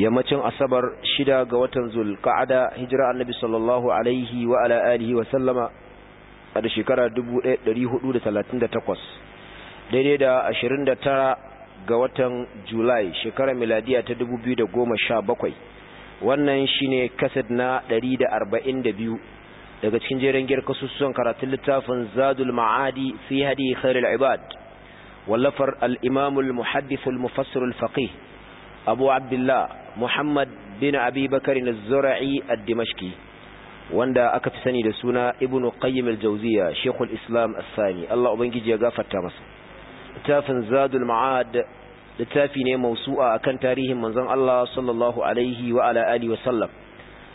yammacin asabar shida ga watan zulka'ada hijira annabi sallallahu alaihi wa ala alihi wa sallama a da shekara 1438 daidai da 29 ga watan julai shekara miladiya ta 2017 wannan shine kasid na 142 daga cikin jerin giyar kasusuwan karatun littafin zadul ma'adi fi hadi khairul ibad wallafar al-imamul muhaddithul mufassirul faqih abu abdullah Muhammad bin Abi Bakar al-Zura'i ad-Dimashqi wanda aka fi sani da suna Ibn Qayyim al-Jawziyya Sheikhul Islam as-Sani Allah ubangiji ya gafarta masa littafin Zadul Ma'ad littafi ne mausu'a akan tarihin manzon Allah sallallahu alaihi wa ala alihi wa sallam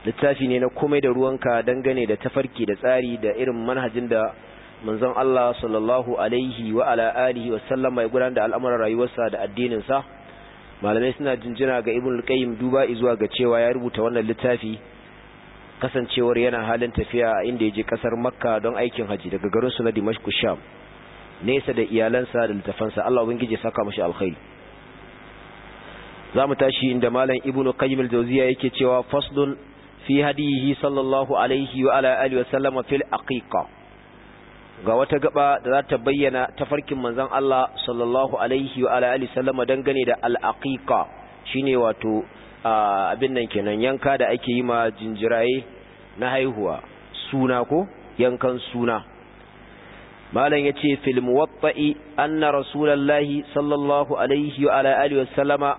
littafi ne na komai da ruwanka dangane da tafarki da tsari da irin manhajin da manzon Allah sallallahu alaihi wa ala alihi wa sallam mai gudanar da al'amuran rayuwarsa da addinin sa malamai suna jinjina ga ibn al-qayyim duba zuwa ga cewa ya rubuta wannan littafi kasancewar yana halin tafiya a inda yaje kasar makka don aikin haji daga garin su na dimashq sham nesa da iyalansa da littafansa Allah ubangiji saka mashi alkhairi zamu tashi inda malam ibn qayyim al-jawziya yake cewa faslun fi hadihi sallallahu alaihi wa ala alihi wa sallam fil aqiqa ga wata gaba da za ta bayyana tafarkin manzon Allah sallallahu alaihi wa alihi sallama dangane da al shi shine wato abin nan kenan yanka da ake yi ma jinjiraye na haihuwa suna ko yankan suna malam yace fil muwatta'i anna rasulullahi sallallahu alaihi wa alihi sallama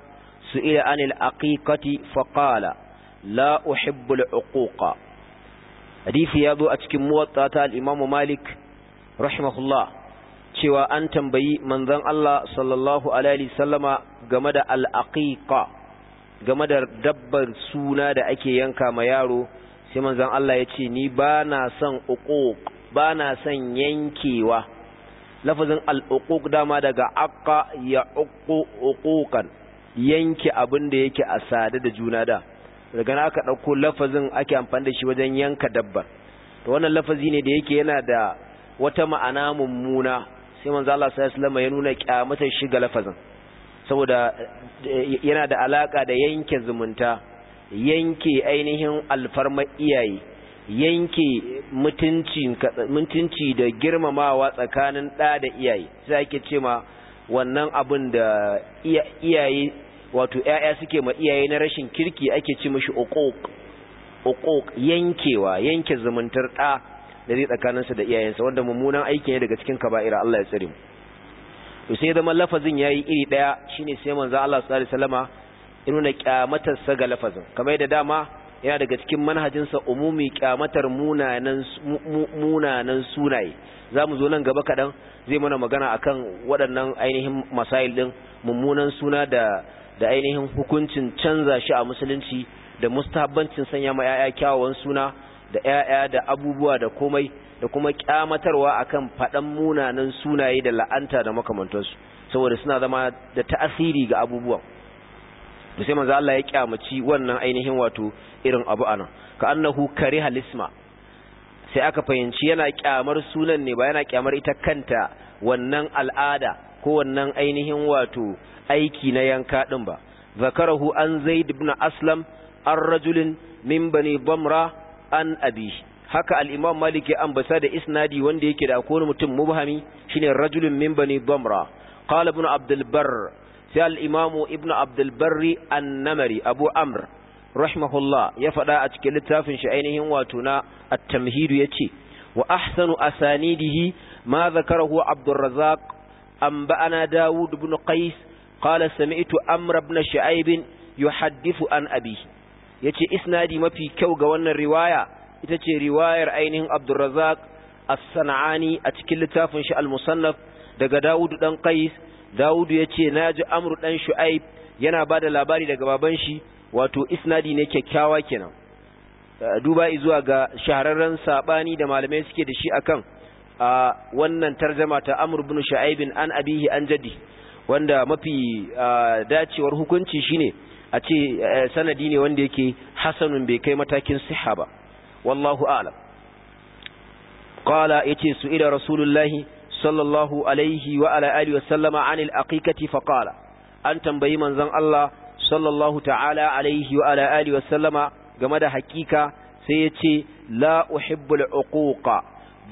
su'ila anil aqiqati faqala la uhibbu al ya zo a cikin muwatta ta malik rahimahullah cewa an tambayi manzon Allah sallallahu alaihi sallama game da al-aqiqa game da dabbar suna da ake yanka ma yaro sai manzon Allah ya ce ni ba na son uquq ba na son yankewa lafazin al'uquq dama daga aqqa ya uqqu uquqan yanke abin da yake a sada da juna da daga na aka ɗauko lafazin ake amfani da shi wajen yanka dabbar to wannan lafazi ne da yake yana da wata ma'ana mummuna sai manzo Allah sallallahu ya nuna kyamatar shi ga lafazin saboda eh, yana da alaka da yanke zumunta yanke ainihin alfarma iyaye yanke mutunci mutunci da girmamawa tsakanin ɗa da iyaye sai ake cewa wannan abin da iyaye wato ‘ya'ya suke ma iyaye na rashin kirki ake ci mashi oƙoƙ yankewa yanke zumuntar ɗa da zai tsakaninsa da iyayensa wanda mummunan aiki ne daga cikin kaba'ira Allah ya tsare mu to sai zama lafazin yayi iri daya shine sai manzo Allah sallallahu alaihi wasallama inuna nuna kyamatar sa ga lafazin kamar yadda dama yana daga cikin manhajinsa umumi kyamatar munanan munanan sunaye zamu zo nan gaba kadan zai mana magana a kan waɗannan ainihin masayil din mummunan suna da da ainihin hukuncin canza shi a musulunci da mustahabbancin sanya ma yaya kyawawan suna da ƴaƴa da abubuwa da komai da kuma kyamatarwa akan faɗan munanan sunaye da la'anta da makamantansu saboda suna zama da ta'asiri ga abubuwan to sai manzo Allah ya kyamaci wannan ainihin wato irin abu anan ka annahu kariha lisma sai aka fahimci yana kyamar sunan ne ba yana kyamar ita kanta wannan al'ada ko wannan ainihin wato aiki na yanka din ba zakarahu an zaid ibn aslam ar-rajulin min bani bamra an abi haka al'imam maliki malik ya ambata da isnadi wanda yake da akwai mutum mubhami shine rajulun min bani damra qala ibn abdul sai al-imam ibn abdulbarri an-namari abu amr rahimahullah ya faɗa a cikin littafin shi ainihin wato na at ya ce, wa ahsanu asanidihi ma zakarahu abdul razzaq anba'ana daud ibn qais qala sami'tu amr ibn shu'aib yuhaddithu an abihi yace isnadi mafi kyau ga wannan riwaya ita ce riwayar ainihin Abdurrazzaq As-Sana'ani a cikin littafin shi Al-Musannaf daga Dawud dan Qais Dawud yace naji amru dan Shu'aib yana bada labari daga baban shi wato isnadi ne kyakkyawa kenan duba zuwa ga shahararren sabani da malamai suke da shi akan a wannan tarjama ta Amr ibn Shu'aib an abihi an jaddi wanda mafi dacewar hukunci shine a ce eh, eh, sanadi ne wanda yake hasanun bai kai matakin siha ba wallahu a'lam qala yace su ila rasulullahi sallallahu alaihi wa ala alihi wa sallama anil aqiqati fa qala an tambayi manzon Allah sallallahu ta'ala alaihi wa ala alihi wa sallama game da hakika sai yace la uhibbul uquqa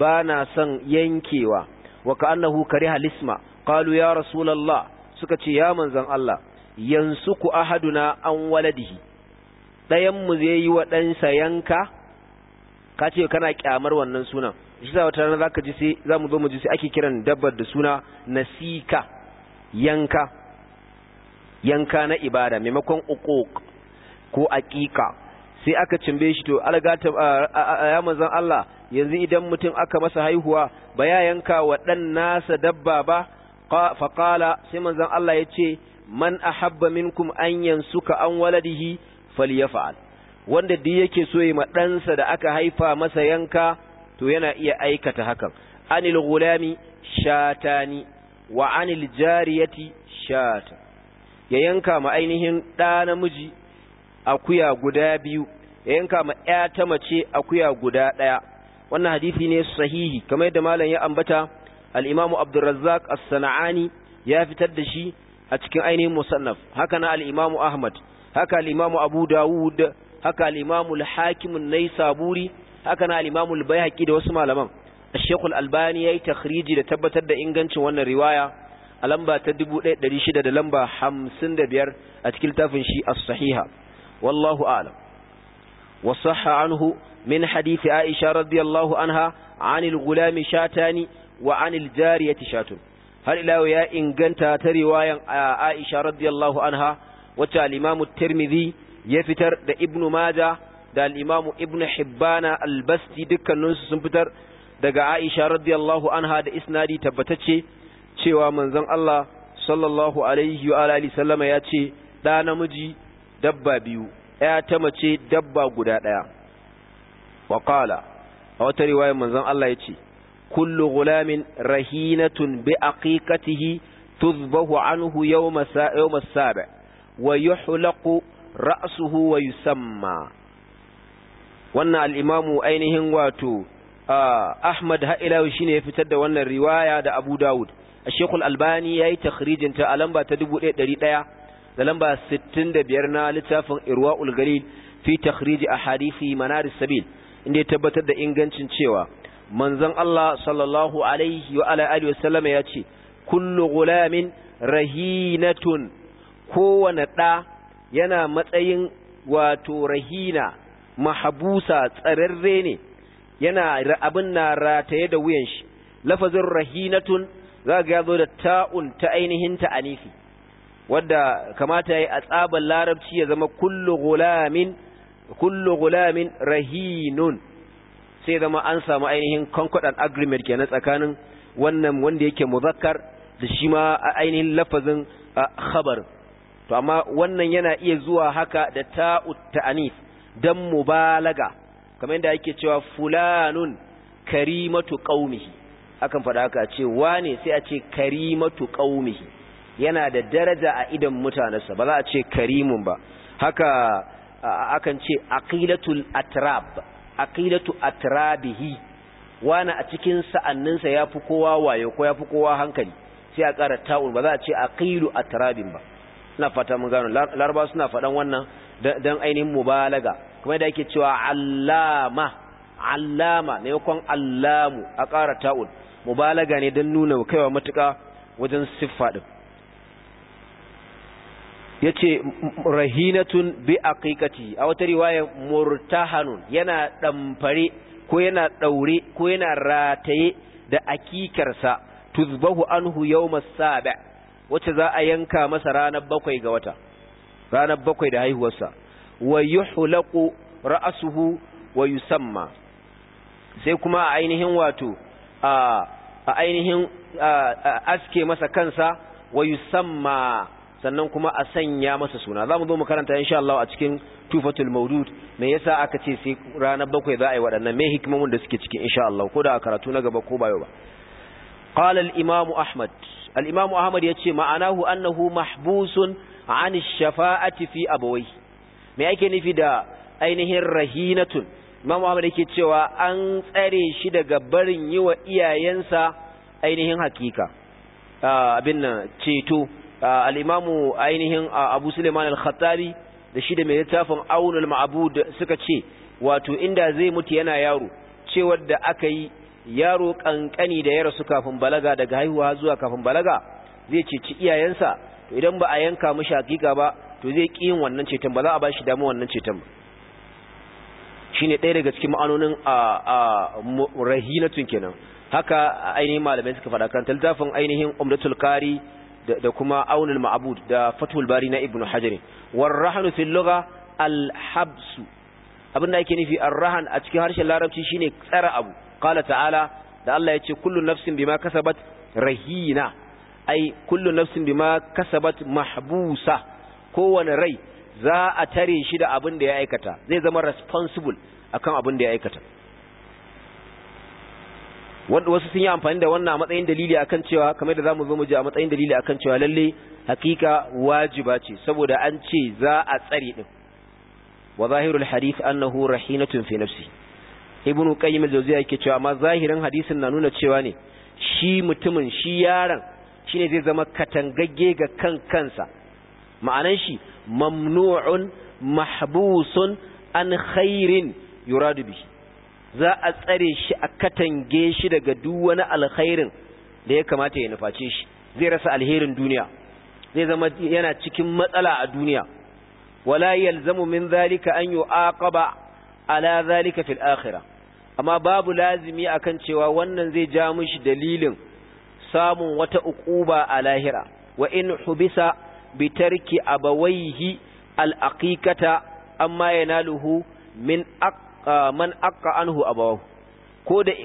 bana son yankewa wa ka'annahu kariha lisma qalu ya rasulullah suka ce ya manzon Allah yansuku ahaduna an waladihi ɗayan mu zai yi wa ɗansa yanka ka ce kana kyamar wannan sunan shi sa wata rana zaka ji sai zamu zo mu ji sai ake kiran dabbar da suna nasika yanka yanka na ibada maimakon uquq ko aqiqa sai aka cimbe shi to algata ya manzon Allah yanzu idan mutum aka masa haihuwa ba ya yanka wa dan nasa dabba ba fa qala sai manzon Allah yace man ahabba minkum an yansuka an waladihi falyaf'al wanda duk yake so yi ɗansa da aka haifa masa yanka to yana iya aikata hakan anil gulami shatani wa anil jariyati shata ya yanka ma ainihin ɗa namiji akuya guda biyu ya yanka ma ƴa ta mace akuya guda ɗaya wannan hadisi ne sahihi kamar yadda malam ya ambata al-imamu abdurrazzaq as-sana'ani ya fitar da shi a cikin ainihin musannaf haka na al'imamu Ahmad haka al Abu Dawud haka al-Imam al-Hakim an haka na al'imamu imam al da wasu malaman Sheikh shekul albani yayi takhriji da tabbatar da ingancin wannan riwaya a lamba ta 1600 da lamba 55 a cikin littafin shi a sahiha wallahu a'lam wa sahha anhu min hadith Aisha radiyallahu anha 'anil gulami shatani wa 'anil jariyati shatun har ila ya inganta ta riwayan Aisha radiyallahu anha wacce al-Imam Tirmidhi ya fitar da Ibn Majah da al-Imam Ibn Hibban al-Basti sun fitar daga Aisha radiyallahu anha da isnadi tabbatacce cewa manzon Allah sallallahu alaihi wa alihi sallama ya ce da namiji dabba biyu ya ta mace dabba guda daya wa qala a wata riwayar manzon Allah ya ce kullu gulamin rahinatun bi aqiqatihi tuzbahu anhu yawma yawma sabi wa yuhlaqu ra'suhu wa yusamma wannan al ainihin wato Ahmad Ha'ilawi shine ya fitar da wannan riwaya da Abu a Sheikhul Albani yayi takhrijin ta a lamba ta 1100 da lamba sittin da biyar na littafin Irwaul Galil fi a ahadithi manari sabil inda ya tabbatar da ingancin cewa manzon Allah sallallahu alaihi wa alihi wasallam ya ce kullu gulamin rahinatun kowane ɗa yana matsayin wato rahina mahabusa tsararre ne yana abin na rataye da wuyan shi lafazin rahinatun za ga zo da ta'un ta ainihin ta anifi wadda kamata yi a tsaban larabci ya zama kullu gulamin kullu gulamin rahinun sai zama an samu ainihin concordant agreement na tsakanin wannan wanda yake muzakkar da shi ma ainihin lafazin khabar to amma wannan yana iya zuwa haka da ta'ut ta'anif dan mubalaga kamar yadda ake cewa fulanun karimatu qaumihi akan fada haka a ce wane sai a ce karimatu qaumihi yana da daraja a idan mutanensa ba za a ce karimun ba haka akan ce aqilatul atrab aqidatu atrabihi wana a cikin sa'anninsa ya fi kowa wayo ko yafi fi kowa hankali sai a ƙara ta'ul ba za a ce aqilu atrabin ba ina fata mun gano larba suna faɗan wannan dan ainihin mubalaga kuma da yake cewa allama allama ne kon allamu a ƙara ta'ul mubalaga ne dan nuna kaiwa matuƙa wajen siffa din yace rahinatun bi aqiqati a wata riwaya murtahanun yana ɗamfare ko yana daure ko yana rataye da akikarsa tuzbahu anhu yawm as wacce za a yanka masa ranar bakwai ga wata ranar bakwai da haihuwarsa wa yuhlaqu ra'suhu wa samma sai kuma a ainihin wato a ainihin aske masa kansa wa samma. sannan kuma a sanya masa suna za mu zo mu karanta insha Allah a cikin tufatul maudud me yasa aka ce sai ranar bakwai za a yi waɗannan me hikimomin da suke cikin insha Allah ko da karatu na gaba ko bayo ba qala al imam ahmad al imam ahmad yace ma'anahu annahu mahbusun an shafa'ati fi abawai me ake nufi da ainihin rahinatun imam ahmad yake cewa an tsare shi daga barin yi wa iyayensa ainihin hakika abin nan ceto al-imamu ainihin abu suleiman al-khattabi da shi da mai littafin aunul ma'bud suka ce wato inda zai mutu yana yaro cewar da aka yi yaro ƙanƙani da ya rasu kafin balaga daga haihuwa zuwa kafin balaga zai ceci iyayensa to idan ba a yanka mishi hakika ba to zai ƙi yin wannan ceton ba za a ba shi damu wannan ceton ba shine ɗaya daga cikin ma'anonin a rahinatun kenan haka ainihin malamai suka faɗa kan littafin ainihin umdatul Kari. da kuma aunul Ma'abud da fathul bari na ibnu hajar warrahnu fil lugha al abinda yake nufi arrahan a cikin harshen larabci shine tsara abu qala ta'ala da Allah yace kullu nafsin bima kasabat rahina ai kullu nafsin bima kasabat mahbusa kowane rai za a tare shi da abin da ya aikata zai zama responsible akan abin da ya aikata wanda wasu sun yi amfani da wannan a matsayin dalili akan cewa kamar da zamu zo mu ji a matsayin dalili akan cewa lalle hakika wajiba ce saboda an ce za a tsare din wa zahirul hadith annahu rahinatun fi nafsi ibnu qayyim al-jawziyya yake cewa amma zahirin hadisin na nuna cewa ne shi mutumin shi yaron shine zai zama katangagge ga kan kansa ma'anan shi mamnu'un mahbusun an khairin yuradu bihi za a tsare shi a katange shi daga duk wani alkhairin da ya kamata ya nuface shi zai rasa alherin duniya zai zama yana cikin matsala a duniya wala yalzamu min zalika an yu'aqaba ala zalika fil akhirah amma babu lazimi akan cewa wannan zai ja mishi dalilin samun wata uquba a lahira wa in hubisa bi tarki abawaihi al aqiqata amma yanaluhu min man akka anhu abawahu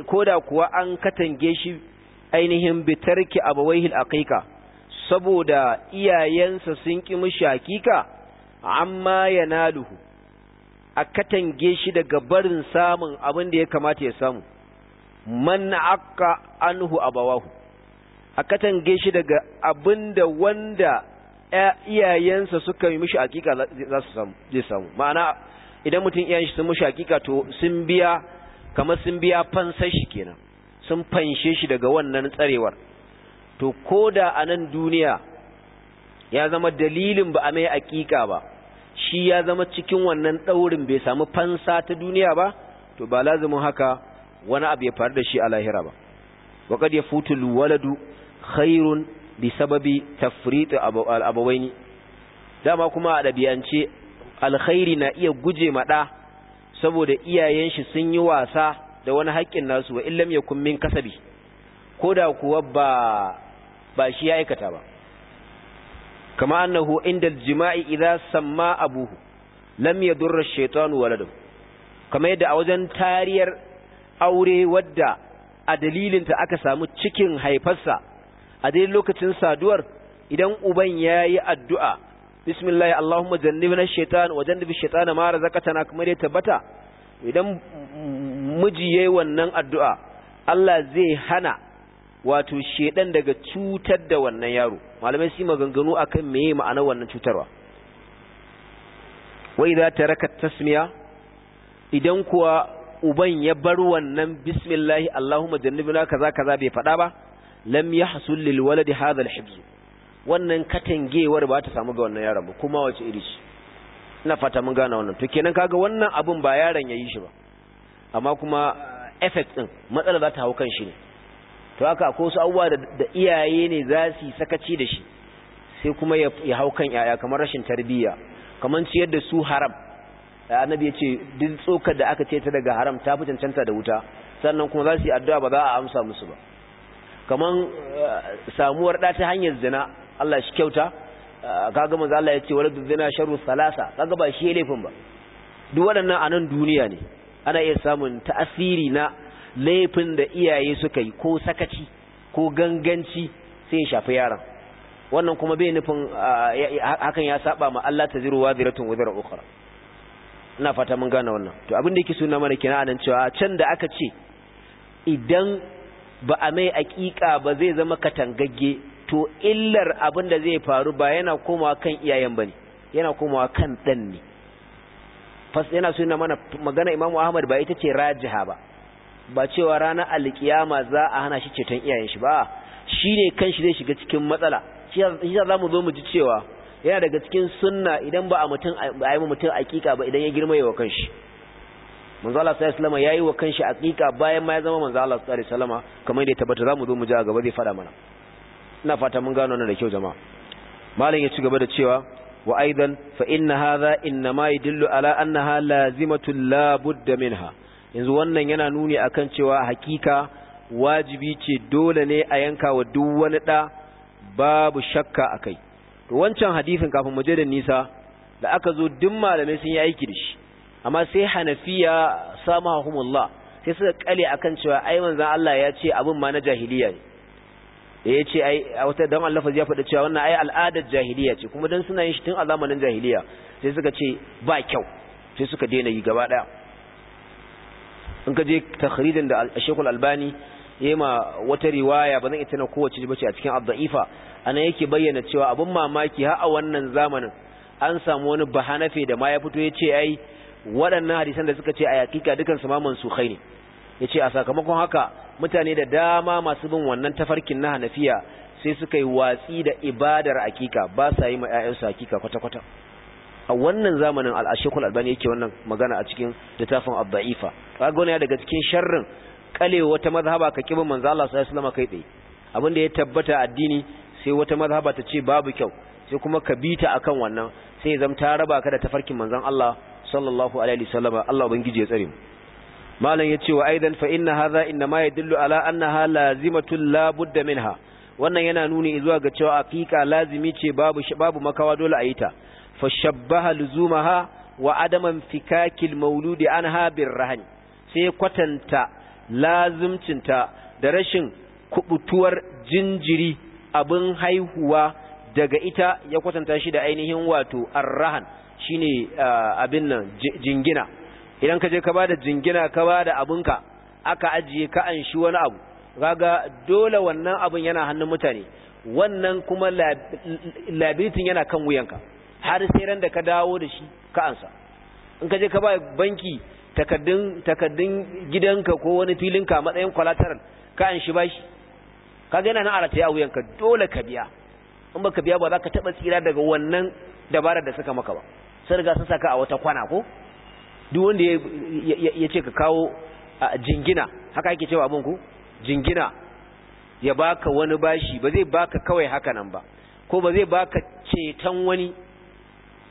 ko da kuwa an katange shi ainihin bitarki abawaihi aqiqa saboda iyayensa sun ki mushi hakika amma yanaluhu a katange shi daga barin samun abin da ya kamata ya samu man akka anhu abawahu a katange shi daga abin da wanda iyayensa suka yi mushi hakika za su samu ma'ana idan mutum iyayen shi sun mushi hakika to sun biya kamar sun biya fansar shi kenan sun fanshe shi daga wannan tsarewar to ko da a nan duniya ya zama dalilin ba a mai hakika ba shi ya zama cikin wannan ɗaurin bai samu fansa ta duniya ba to ba lazumin haka wani abu ya faru da shi a lahira ba ya futu waladu khairun bisababi tafrit abawaini dama kuma a ɗabi'ance alkhairi na iya guje maɗa saboda iyayen shi sun yi wasa da wani haƙƙin nasu wa illam ya min kasabi da kuwa ba ba shi ya aikata ba kama annahu inda jima'i idza samma abuhu lam yadurra ash-shaytanu waladahu kama yadda a wajen tariyar aure wadda a dalilinta aka samu cikin haifarsa a dai lokacin saduwar idan uban yayi addu'a بسم الله اللهم جنبنا الشيطان وجنب الشيطان ما رزقتنا kamar ya tabbata idan miji yayi wannan addu'a Allah zai hana wato shedan daga cutar da wannan yaro malamai su maganganu akan meye ma'ana wannan cutarwa wai za ta raka tasmiya idan kuwa uban ya bar wannan bismillahi allahumma jannibna kaza kaza bai faɗa ba lam yahsul lil waladi hadha al wannan katangewar ba ta samu ga wannan yaron ba kuma wace iri ce ina fata mun gane wannan to kenan kaga wannan abin ba yaron yayi shi ba amma kuma effect din matsala za ta hau kan shi ne to haka akwai wasu abubuwa da iyaye ne za su sakaci da shi sai kuma ya hau kan yaya kamar rashin tarbiyya kamar ciyar da su haram annabi ya ce duk tsokar da aka ce ta daga haram ta fi cancanta da wuta sannan kuma za su yi addu'a ba za a amsa musu ba kamar eh, samuwar ɗa ta hanyar zina Allah shi kyauta ah, kaga manzo Allah ya ce waladu zina sharu salasa kaga ba shi laifin ba duk waɗannan a nan duniya ne ana iya samun tasiri na laifin da iyaye suka yi ko sakaci ko ganganci sai ya shafi yaron wannan kuma bai nufin ah, hakan ya saba ma Allah ta ziru wa ziratun ukhra ina fata mun gane wannan to abin da yake suna mana kina anan cewa can da aka ce idan ba a mai aƙiƙa ba zai zama katangagge to illar abin da zai faru ba yana komawa kan iyayen ba ne yana komawa kan dan ne fas yana so mana magana Imam Ahmad ba ita ce rajiha ba ba cewa ranar alkiyama za a hana shi ceton iyayen shi ba shi kan kanshi zai shiga cikin matsala shi za mu zo mu ji cewa yana daga cikin sunna idan ba a mutum a yi mutum akika ba idan ya girma wa kanshi manzo Allah sallallahu alaihi wasallam yayi wa kanshi akika bayan ma ya zama manzo Allah sallallahu alaihi wasallam kamar da ya tabbata za mu zo mu ji a gaba zai fada mana ina fata mun gano na da kyau jama'a malam ya ci gaba da cewa wa aidan fa inna hadha inma yadullu ala annaha lazimatun la budda minha yanzu wannan yana nuni akan cewa hakika wajibi ce dole ne a yanka wa duk wani da babu shakka akai to wancan hadisin kafin mu je da nisa da aka zo duk malamai sun yi aiki da shi amma sai hanafiya samahumullah sai suka kale akan cewa ai manzon Allah ya ce abin ma na jahiliya ne da ya ce a wata dan Allah ya faɗi cewa wannan ai al'adar jahiliya ce kuma dan suna yin shi tun a zamanin jahiliya sai suka ce ba kyau sai suka daina yi gaba daya in ka je takhrijin da shekul Albani yayi ma wata riwaya ba zan ita na kowace ce a cikin Ad-Da'ifa ana yake bayyana cewa abin mamaki har a wannan zamanin an samu wani bahanafe da ma ya fito ya ce ai waɗannan hadisan da suka ce a hakika dukan su ma mansukhai ne ya ce a sakamakon haka mutane da dama masu bin wannan tafarkin na hanafiya sai suka yi watsi da ibadar akika ba sa yi ma akika kwata-kwata a wannan zamanin al albani yake wannan magana a cikin littafin abba'ifa kaga ya daga cikin sharrin kale wata mazhaba ka kibin manzo Allah sallallahu alaihi wasallam kai tsaye abin da ya tabbata addini sai wata mazhaba ta ce babu kyau sai kuma ka bita akan wannan sai zamta ta raba ka da tafarkin manzon Allah sallallahu alaihi wasallam Allah ubangiji ya tsare mu malam ce wa aidan fa inna hadha inma yadullu ala annaha lazimatun la budda minha wannan yana nuni zuwa ga cewa aqiqa lazimi ce babu babu makawa dole a yi ta fa shabbaha luzumaha wa adaman fikakil mauludi anha birrahani sai kwatanta lazimcinta da rashin kubutuwar jinjiri abin haihuwa daga ita ya kwatanta shi da ainihin wato arrahan shine ah, abin nan jingina idan ka je ka bada jingina ka bada abinka aka ajiye ka an shi wani abu kaga dole wannan abin yana hannun mutane wannan kuma labirin yana kan wuyanka har sai ran da ka dawo da shi ka ansa in ka je ka ba banki takaddun takaddun gidanka ko wani filinka matsayin collateral ka an shi bashi kaga yana nan a rataye a wuyanka dole ka biya in baka biya ba za ka taba tsira daga wannan dabarar da suka maka ba sai riga sun saka a wata kwana ko duk wanda ya ce ka kawo jingina haka ake cewa abinku jingina ya baka wani bashi ba zai baka kawai haka nan ba ko ba zai baka ceton wani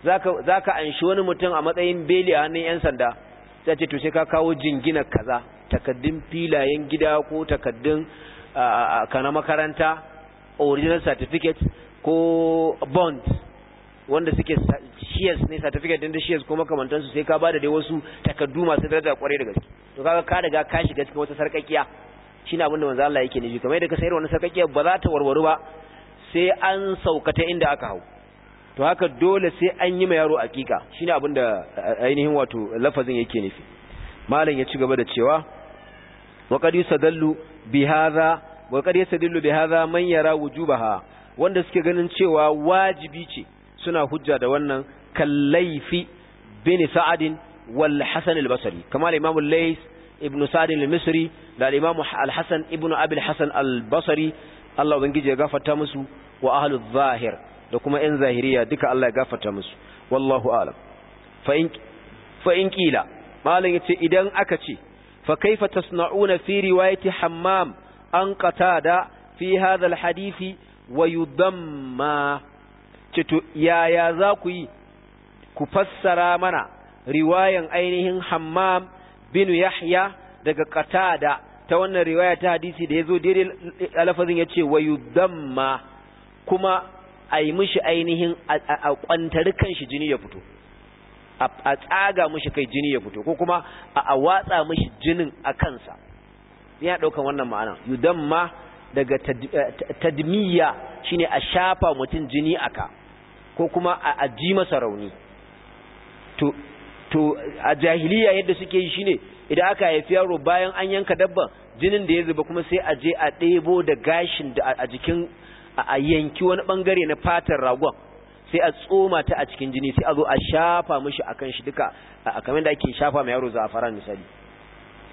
za ka anshi wani mutum a matsayin beli a hannun 'yan sanda sai ce to sai ka kawo jingina kaza takaddun filayen gida ko takaddun kana makaranta original certificate ko bonds wanda suke shiyas ne certificate din da shiyas ko makamantan su sai ka bada dai wasu takardu masu daraja kware da gaske to kaga ka daga ka shiga cikin wata sarkakiya shine abin da manzo Allah yake nufi kamar yadda ka sayar wannan sarkakiya ba za ta warware ba sai an saukata inda aka hau to haka dole sai an yi ma yaro hakika shine abin da ainihin wato lafazin yake nufi malam ya ci gaba da cewa wa qad yusadallu bi hadha wa qad yusadallu bi hadha man yara wujubaha wanda suke ganin cewa wajibi ce suna hujja da wannan kallaifi bin sa'adin wal hasan al-basri kamar imam al-lays ibn sa'd al-misri da imam al-hasan ibn abi al-hasan al-basri Allah ubangije ya gafarta musu wa ahlul zahir da kuma yan zahiriya duka Allah ya gafarta musu wallahu a'lam fa in fa in kila malam yace idan aka ce fa kaifa tasna'una fi riwayati hammam an qatada fi hadha al-hadisi wa yudamma ce yaya za ku yi ku fassara mana riwayan ainihin hammam bin yahya daga Katada ta wannan riwaya ta hadisi da ya zo daidai alfazin yace damma kuma yi mishi ainihin a kwantar kanshi jini ya fito a tsaga mishi kai jini ya fito ko kuma a watsa mishi jinin a kansa ya daukan wannan ma'ana yudamma daga tadmiya shine a shafa mutum jini aka ko kuma a aji masa rauni to a jahiliya yadda suke yi shine idan aka haifi yaro bayan an yanka dabban jinin da ya zuba kuma sai a je a ɗebo da gashin da a jikin a yanki wani bangare na fatar ragon sai a tsoma ta a cikin jini sai a zo a shafa mishi kan shi duka a kamar da ake shafa mai yaro zafara misali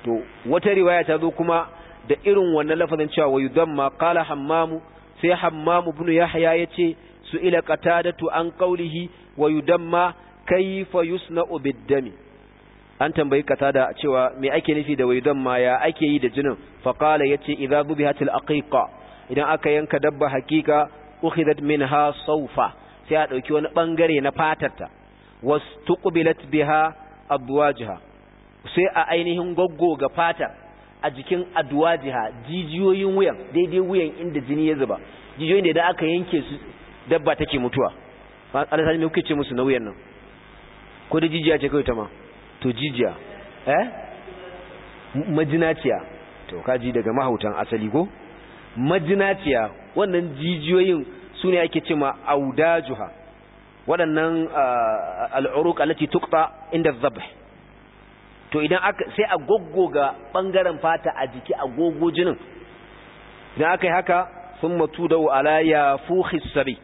to wata riwaya ta zo kuma da irin wannan lafazin cewa wayu damma qala hammamu sai hammamu ibn yahya yace su'ila qatadatu an qawlihi wa yudamma kayfa yusna'u bid-dami an tambayi qatada cewa me ake nufi da wa ya ake yi da jinin fa qala yace idza bubihatil aqiqa idan aka yanka dabba hakika ukhidat minha sawfa sai a dauki wani bangare na fatarta wastuqbilat biha adwajaha sai a ainihin goggoga fatar a jikin adwajha jijiyoyin wuyan daidai wuyan inda jini ya zuba jijiyoyin da aka yanke su dabba take mutuwa alasani me kuke ce musu nauyin nan ko da jijiya ce kai ta ma to jijiya eh majinaciya to kaji daga mahautan asali ko majinaciya wannan jijiyoyin su ne ake ce ma audajuha waɗannan ah, al'uruk alati inda dhabh to idan aka sai a goggoga bangaren fata a jiki a gogo jinin idan aka yi haka sun matu da ala ya fuhi sabi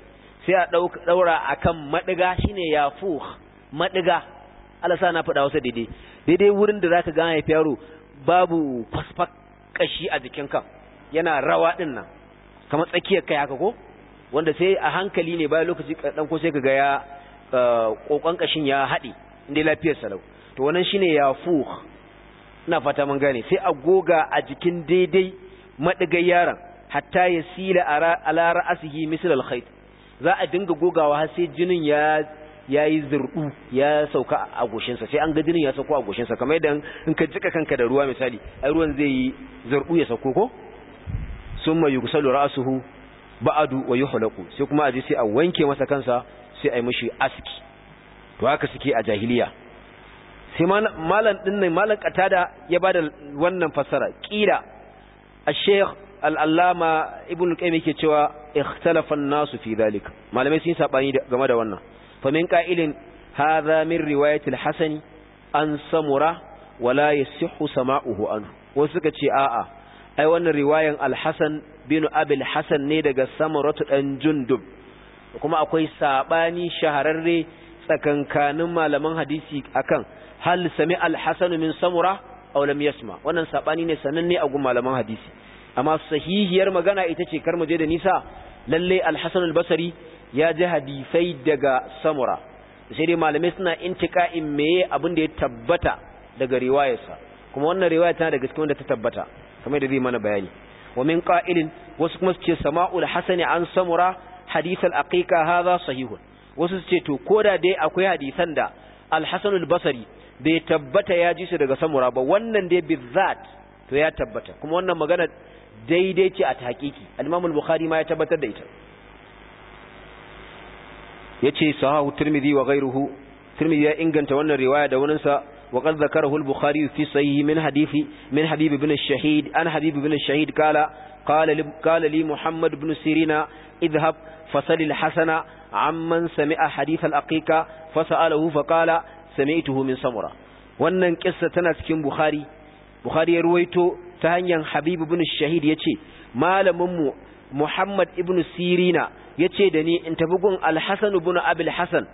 sai a daura akan shi shine ya maɗiga maɗiga alasa na faɗa wasa daidai daidai wurin da zaka ga haifi yaro babu fasfak kashi a jikin kan yana rawa ɗin nan kamar tsakiyar kai haka ko wanda sai a hankali ne bayan lokaci ɗan ko sai ka ya eh, ƙoƙon kashin ya haɗe inda lafiyar salau to wannan shine fu ina fata mun gane sai a goga a jikin daidai maɗigar yaron hatta ya sila ala ra'asihi misal al za a dinga gogawa har sai jinin ya yayi zurdu ya sauka a goshinsa sai an ga jinin ya sauko a goshinsa kamar idan in ka jika kanka da ruwa misali ai ruwan zai yi zurdu ya sauko ko summa yughsalu ra'suhu ba'du wa yuhlaqu sai kuma aje sai a wanke masa kansa sai ai mishi aski to haka suke a jahiliya sai malam din nan malam katada ya bada wannan fassara kira ashe. sheikh al'allama ibn qayyim yake cewa ikhtalafan nasu fi dhalik malamai sun saɓani game da wannan fa ƙa’ilin ha za min riwayatul al an samura wala ya yasihhu sama'uhu an wasu suka ce a'a ai wannan riwayan AlHassan binu bin hassan ne daga samuratu dan jundub kuma akwai saɓani shahararre tsakankanin malaman hadisi akan hal sami alhassanu min samura a lam yasma wannan saɓani ne sananne a gun malaman hadisi amma sahihiyar magana ita ce kar mu je da nisa lalle al-hasan al-basri ya ji hadisai daga samura sai dai malamai suna intiqa'in meye abin da ya tabbata daga riwayarsa kuma wannan riwaya tana da gaske wanda ta tabbata kamar da zai mana bayani wa min qa'ilin wasu kuma su ce sama'ul hasani an samura hadith al-aqiqa hadha sahihun wasu su ce to koda dai akwai hadisan da al-hasan al-basri bai tabbata ya ji su daga samura ba wannan dai bizzat to ya tabbata kuma wannan magana daidai ce a taƙiƙi al-imamul bukhari ma ya tabbatar da ita yace sahahu turmidi wa gairuhu turmidi ya inganta wannan riwaya da wannan sa wa qad zakarahu al-bukhari fi min hadifi min habib bin shahid an habib bin shahid kala kala li muhammad bin sirina idhab fasal al-hasana amman sami'a hadith al-aqiqa fasalahu faqala sami'tuhu min samura wannan kissa tana cikin bukhari bukhari ya ruwaito ta hanyar habib ibn shahid yace malamin mu muhammad ibn sirina yace da ni in tafi gun al-hasan ibn abul hasan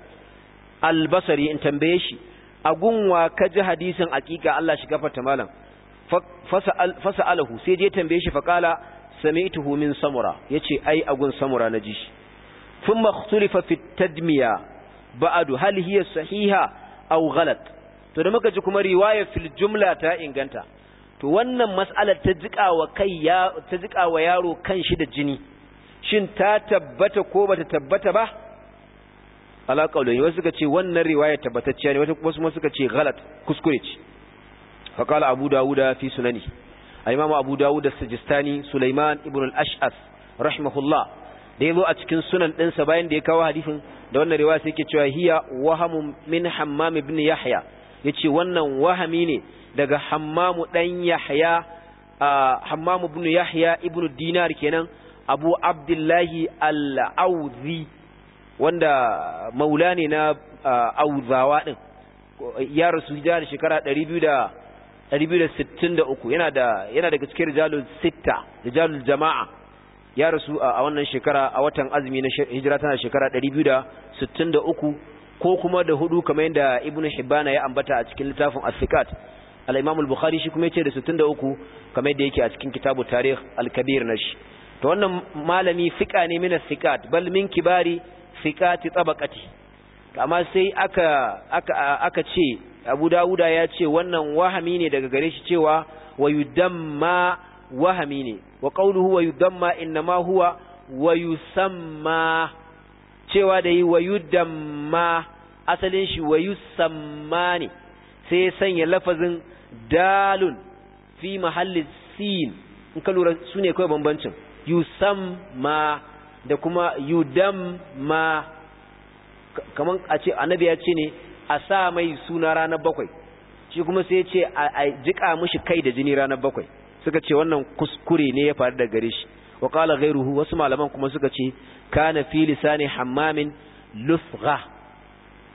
al-basri in tambaye shi a gunwa kaji hadisin aqiqa Allah shi gafarta malam fasa'alahu sai je tambaye shi faqala sami'tuhu min samura yace ai gun samura naji shi thumma ikhtalifa fi tadmiya ba'du hal hiya sahiha aw ghalat to da muka ji kuma riwaya fil jumla ta inganta to wannan mas'alar ta jika wa kai ya ta jika wa yaro kan shi da jini shin ta tabbata ko bata tabbata ba ala qaulin wasu suka ce wannan riwaya tabbatacciya ne wasu kuma suka ce galat kuskure ce fa qala abu dawuda fi sunani a imamu abu dawud sijistani sulaiman ibn al-ash'as rahimahullah da yazo a cikin sunan dinsa bayan da ya kawo hadisin da wannan riwaya sai yake cewa hiya wahamun min hammam ibn yahya yace wannan wahami ne daga hammamu ɗan yahya hammamu binu yahya ibn dinar kenan abu abdullahi al wanda maula ne na auzawa din ya rasu da shekara 263 yana da yana daga cikin rijalul sita rijalul jama'a ya rasu a wannan shekara a watan azumi na hijira tana shekara 263 ko kuma da hudu kamar yadda ibnu Hibana ya ambata a cikin littafin as al-Imam al-Bukhari shi kuma yace da 63 kamar yadda yake a cikin kitabu tarikh al-kabir nashi to wannan malami fiqa ne min al siqat bal min kibari siqati tabaqati amma sai aka aka aka ce Abu Dawuda ya ce wannan wahami ne daga gare shi cewa wa yudamma wahami ne wa qawluhu wa yudamma inma huwa wa yusamma cewa da yi wa yudamma asalin shi wa yusamma ne sai ya sanya lafazin dalun fi mahalli sin in ka lura su ne kawai bambancin ma da kuma ma kamar a ce annabi ya ce ne a sa mai suna ranar bakwai shi kuma sai ya ce a jika mushi kai da jini ranar bakwai suka ce wannan kuskure ne ya faru da gare shi wa qala ghayruhu wasu malaman kuma suka ce kana fi lisani hammamin lufgha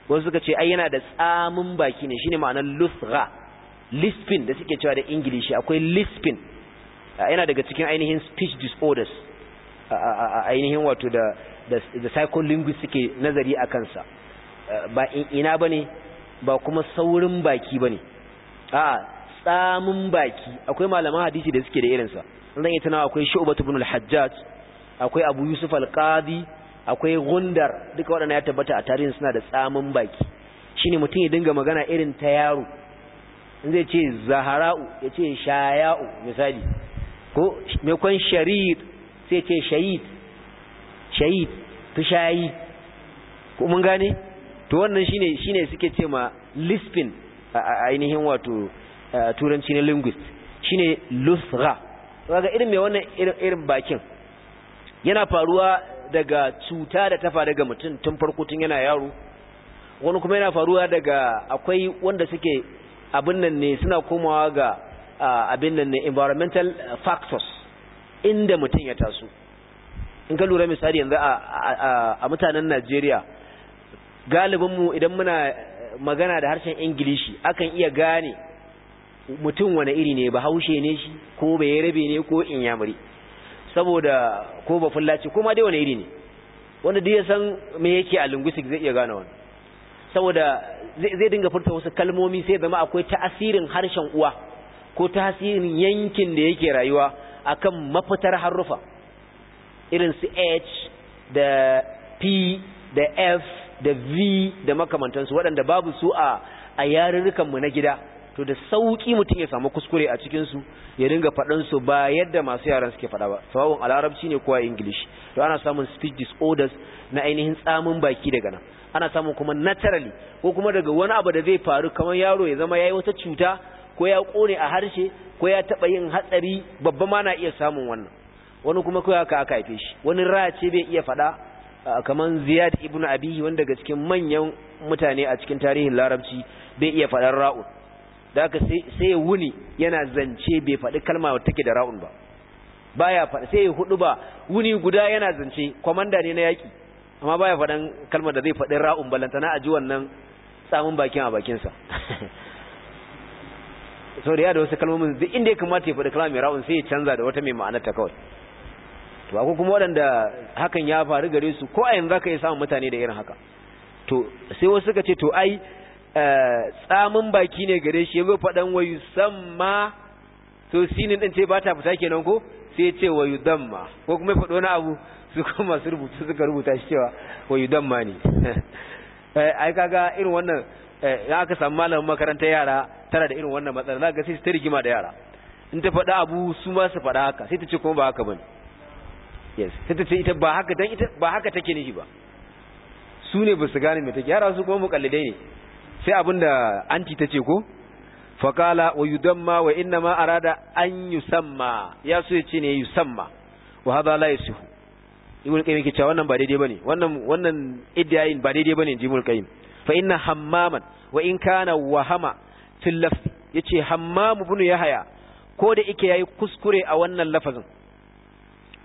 wasu suka ce ai yana da tsamin baki ne shine ma'anar lufgha lispin da suke cewa da ingilishi akwai lispin yana daga cikin ainihin speech disorders ainihin wato da da psycholinguist suke nazari a kansa ba ina bane ba kuma saurin baki bane a tsamin baki akwai malaman hadisi da suke da irinsa zan yi tunawa akwai shu'batu ibn al-hajjaj akwai abu yusuf al-qadi akwai gundar duka waɗanda ya tabbata a tarihin suna da tsamin baki shi ne mutum ya dinga magana irin ta yaro In zai ce zahara'u ya ce shaya'u misali ko mekon shari'id sai ce shayid shayid shayi ko mun gane to wannan shine shine suke ce ma lispin ainihin wato turanci na linguist shine lusra kaga irin mai wannan irin bakin yana faruwa daga cuta da tafa daga mutum tun farko tun yana yaro wani kuma yana faruwa daga akwai wanda suke abin nan ne suna komawa ga abin nan ne environmental uh, factors inda mutum ya taso in ka lura misali yanzu a mutanen Najeriya galibinmu idan muna uh, magana da harshen ingilishi akan iya gane mutum wani iri ne ba haushe ne shi ko ba rabe ne ko in yamuri saboda ko ba ko kuma dai wani iri ne wanda dai ya san me yake a linguistics zai iya gane wani saboda zai dinga furta wasu kalmomi sai zama akwai ta'asirin harshen uwa ko tasirin yankin da yake rayuwa akan mafitar harufa irin su h da p da f da v da makamantansu waɗanda babu su a a yarurrukanmu na gida to da sauki mutum ya samu kuskure a cikin su ya dinga faɗan su ba yadda masu yaran suke faɗa ba sababin a larabci ne ko a english to ana samun speech disorders na ainihin tsamin baki daga nan ana samun kuma naturally ko kuma daga wani abu da zai faru kamar yaro ya zama yayi wata cuta ko ya kone a harshe ko ya taba yin hatsari babba ma na iya samun wannan wani kuma kawai aka aka haife shi wani race bai iya faɗa kamar Ziyad ibn Abihi wanda daga cikin manyan mutane a cikin tarihin Larabci bai iya faɗar ra'u da aka sai ya wuni yana zance bai faɗi kalma ke da ra'un ba ba ya faɗi sai ya hudu ba wuni guda yana zance kwamanda ne na yaƙi amma ba ya faɗan kalmar da zai faɗi ra'un balantana a ji wannan tsamin bakin a bakinsa sau da ya da wasu kalmomin zai inda ya kamata ya faɗi kalma mai ra'un sai ya canza da wata mai ma'ana ta kawai to akwai kuma waɗanda hakan ya faru gare su ko a yanzu ka iya samun mutane da irin haka to sai wasu suka ce to ai Eh, tsamin baki ne gare shi yazo fadan wayu samma to sinin din ce ba ta fita kenan ko sai ce wayu damma ko kuma fado na abu su kuma su rubuta suka rubuta shi cewa wayu damma ne eh, ai kaga irin wannan ya eh, aka samu malamin makarantar yara tara da irin wannan matsala za ga sai ta rigima da yara in ta faɗa abu su ma su faɗa haka sai ta ce kuma ba haka bane yes sai ta ce ita ba haka dan ita ba haka take nishi ba su ne ba su gane me take yara su kuma mukallidai ne sai abinda anti ce ko faƙala wa yudamma wa inna ma arada an yusamma ya so ce ne yusamma wa hada la yasihu ibn qayyim yake cewa wannan ba daidai bane wannan wannan iddayin ba daidai bane ibn qayyim fa inna hammaman wa in kana wahama fil lafzi yace hammam ibn yahya ko da yake yayi kuskure a wannan lafazin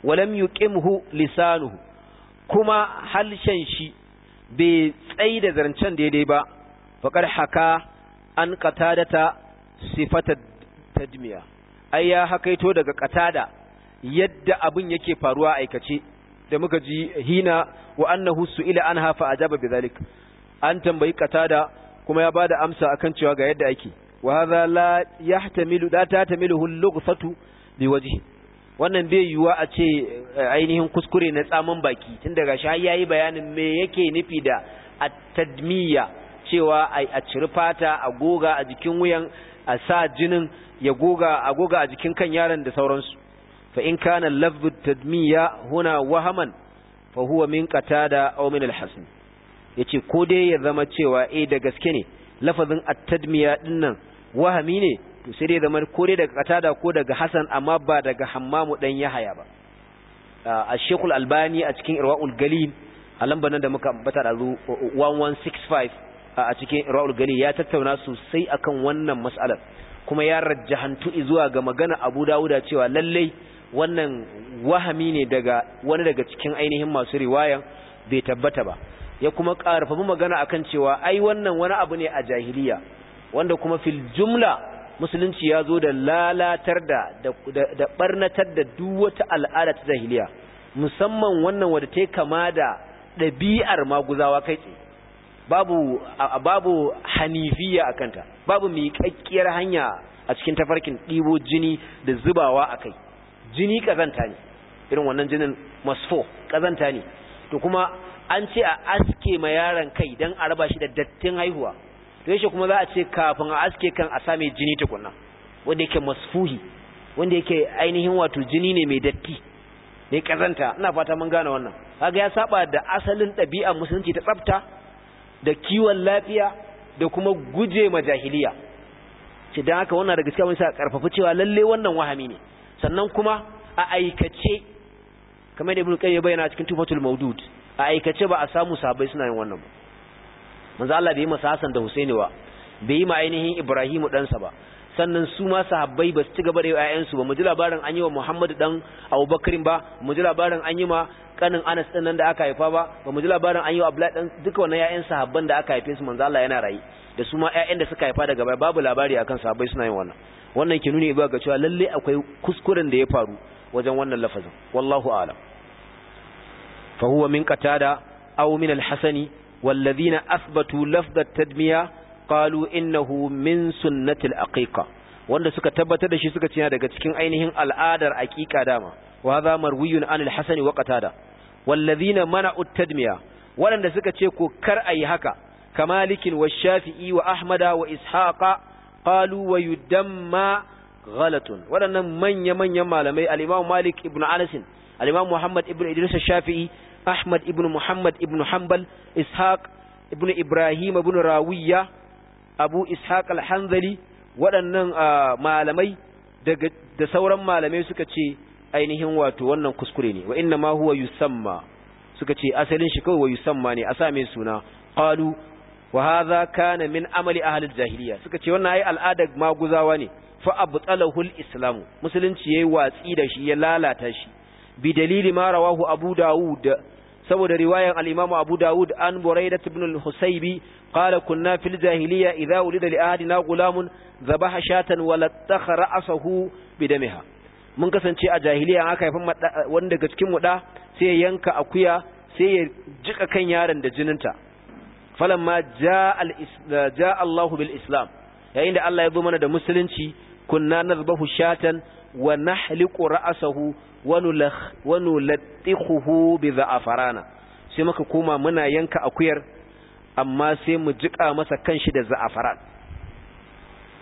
walam yuqimhu lisanuhu kuma halshen shi bai tsaida da zancen daidai ba faƙar haka an ƙatadata sifata tadmiya ai ya hakaito daga ƙatada yadda abin yake faruwa aikace da muka ji hina wa annahu su'ila an hafa ajaba bidhalik an tambayi ƙatada kuma ya bada amsa akan cewa ga yadda ake wa hadha la yahtamilu la ta al-lughfatu biwajhi wannan bai yiwuwa a ce ainihin kuskure na tsamin baki tun daga shi har yayi bayanin me yake nufi da at-tadmiya cewa a ciri fata a goga a jikin wuyan a sa jinin ya goga a goga a jikin kan yaron da sauransu fa in kana lafzu tadmiya huna wahaman fa huwa min qatada aw min yace ko dai ya zama cewa eh da gaske ne lafazin at-tadmiya dinnan wahami ne to sai dai zama ko dai daga qatada ko daga hasan amma ba daga hammamu dan yahaya ba a shekul albani a cikin irwa'ul galil a lambar nan da muka ambata da 1165 a cikin ra'ul gali ya tattauna sosai akan wannan mas'alar kuma ya rajjahantu zuwa ga magana Abu Dawuda cewa lallai wannan wahami ne daga wani daga cikin ainihin masu riwaya bai tabbata ba ya kuma karfafa magana akan cewa ai wannan wani abu ne a jahiliya wanda kuma fil jumla musulunci ya zo da lalatar da da barnatar da duk wata al'ada ta jahiliya musamman wannan wadda ta kama da ɗabi'ar maguzawa kai tsaye babu babu hanifiya akanta babu kakkiyar hanya a cikin tafarkin ɗibo jini da zubawa akai jini kazanta ne irin wannan jinin masfo kazanta ne to kuma an ce a aske ma yaron kai dan a raba shi da dattin haihuwa to yace kuma za a ce kafin a aske kan a same jini tukunna wanda yake masfuhi wanda yake ainihin wato jini ne mai datti ne kazanta ina fata mun gane wannan kaga ya saba da asalin ɗabi'ar musulunci ta tsafta da kiwon lafiya da kuma guje ma jahiliya ce don haka wannan daga cikin sa karfafa cewa lalle wannan wahami ne sannan kuma a aikace kamar da ibnu qayyim ya bayyana cikin tufatul mawdud a aikace ba a samu sabai suna yin wannan ba manzo Allah bai yi masa Hassan da Husaini ba bai yi ma ainihin Ibrahim dan ba sannan su ma sahabbai ba su ci gaba da yayansu ba mu ji labarin an yi wa Muhammadu dan Abubakarin ba mu ji labarin an yi ma kanin Anas din da aka haifa ba ba mu ji labarin an yi wa Abdullahi dan duka wannan yayan sahabban da aka haife su manzo Allah yana rayi da su ma yayan da suka haifa daga baya babu labari akan sahabbai suna yin wannan wannan ke nuni ba ga cewa lalle akwai kuskuren da ya faru wajen wannan lafazin wallahu a'lam fa huwa min qatada aw min al-hasani ladina asbatu لفظ التدمية qalu innahu min sunnatil aqiqa wanda suka tabbatar da shi suka ce daga cikin ainihin al'adar aqiqa dama wa hadha marwiyun an al wa qatada wallazina mana'u tadmiya waɗanda suka ce ko kar ayi haka kamalikin wa shafi'i wa ahmada wa ishaqa qalu wa yudamma ghalatun waɗannan manya manyan malamai al-imam malik ibn anas al-imam muhammad ibn idris shafi'i ahmad ibn muhammad ibn hanbal ishaq ibn ibrahim ibn rawiya abu ishaq al-hanzali waɗannan ah, malamai da sauran malamai suka ce ainihin wato wannan kuskure ne wa inna ma huwa yusamma suka ce asalin shi kawai wa yusamma ne a sa mai suna qalu wa hadha kana min amali ahli al-jahiliya suka ce wannan ai al'adar maguzawa ne fa abtalahu al-islam musulunci yayi watsi da shi ya lalata shi bi dalili ma rawahu abu daud saboda riwayan al-Imam Abu Dawud an Buraidah ibn al-Husaybi qala kunna fil jahiliya idza ulida li ahadina gulamun zabaha shatan wa latakha ra'sahu bidamiha mun kasance a jahiliya aka haifin wanda daga cikin mu da sai ya yanka akuya sai ya jika kan yaron da jininta falamma jaa al-islam jaa Allahu bil islam yayin da Allah ya zo mana da musulunci kunna nadhbahu shatan wa nahliqu ra'sahu wa nulattihuhu bi za'afarana sai muka koma muna yanka akuyar amma sai mu jika masa kanshi da za'afaran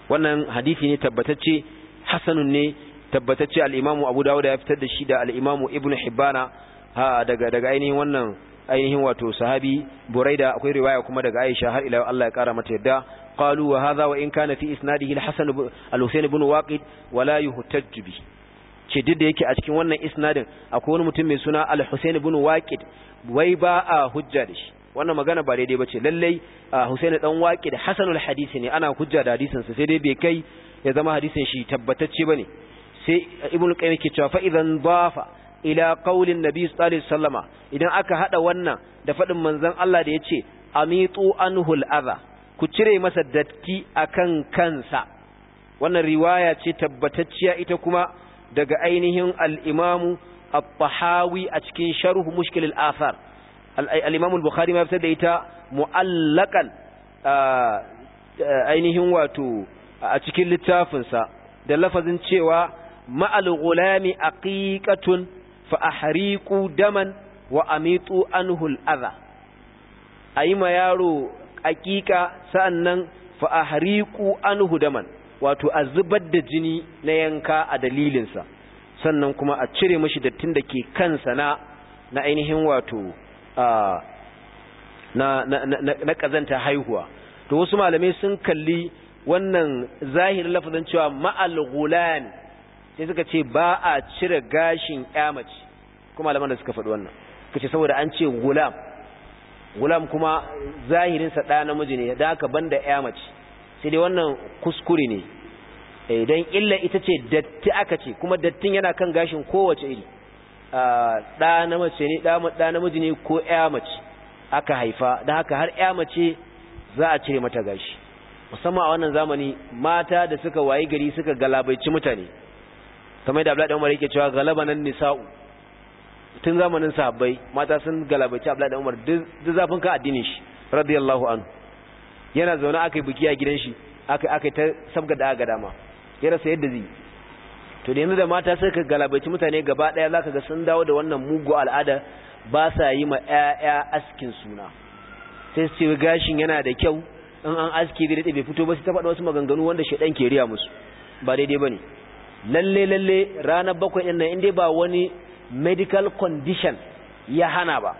wannan hadisi ne tabbatacce hasanun ne tabbatacce al-imamu abu dawud ya fitar da shi da al-imamu ibnu hibbana ha daga daga ainihin wannan ainihin wato sahabi buraida akwai riwaya kuma daga aisha har ila Allah ya kara mata yadda قالوا وهذا وإن كان في إسناده الحسن الحسين بن واقد ولا يهتج به ce duk da yake a cikin wannan isnadin akwai wani mutum mai suna al-Husayn ibn Waqid wai ba a hujja da shi wannan magana ba daidai bace lallai Husayn dan Waqid hasanul ne ana hujja da hadisin sa sai dai bai kai ya zama hadisin shi tabbatacce bane sai Ibn Qayyim yake cewa fa idan dafa ila qaulin Nabi sallallahu alaihi wasallama idan aka hada wannan da fadin manzon Allah da yace amitu anhul adha ku cire masa datti akan kansa wannan riwaya ce tabbatacciya ita kuma daga ainihin al-Imam al-Tahawi a cikin sharh Mushkil al-Athar al-Imam al-Bukhari ma fitar da ita mu'allaqan ainihin wato a cikin littafin sa da lafazin cewa ma'al gulami aqiqatun fa ahriqu daman wa amitu anhu al-adha ayi ma yaro hakika sa'annan fa ahriqu an daman wato a zubar da jini na yanka a dalilinsa sannan kuma a cire mashi dattin da ke kansa na na ainihin wato na na kazanta haihuwa to wasu malamai sun kalli wannan zahirin lafazin cewa ma'al gulan sai suka ce ba a cire gashin ƴamaci kuma malaman da suka faɗi wannan kace saboda an ce gulam gulam kuma zahirinsa ɗa namiji ne da aka banda ya mace sai dai wannan kuskure ne idan eh, illa ita ce datti aka ce kuma dattin yana kan gashin kowace iri ah, ɗa namace ne ɗa namiji ne ko ya mace aka haifa da haka har ya mace za a cire mata gashi musamman a wannan zamani mata da suka wayi gari suka galabaici mutane kamar da Abdullahi Umar yake cewa galabanan nisa'u tun zamanin sahabbai mata sun galabaci Abdullahi da Umar duk zafin ka addinin shi radiyallahu anhu yana zaune aka yi buki a gidan shi aka yi ta sabga da aka dama ya rasa yadda zai to da yanzu da mata sai ka galabaci mutane gaba daya zaka ga sun dawo da wannan mugu al'ada ba sa yi ma 'ya'ya askin suna sai su gashin yana da kyau in an aske zai daɗe bai fito ba su ta faɗa wasu maganganu wanda shaidan ke riya musu ba daidai ba ne lalle lalle ranar bakwai ɗin nan dai ba wani medical condition ya hana ba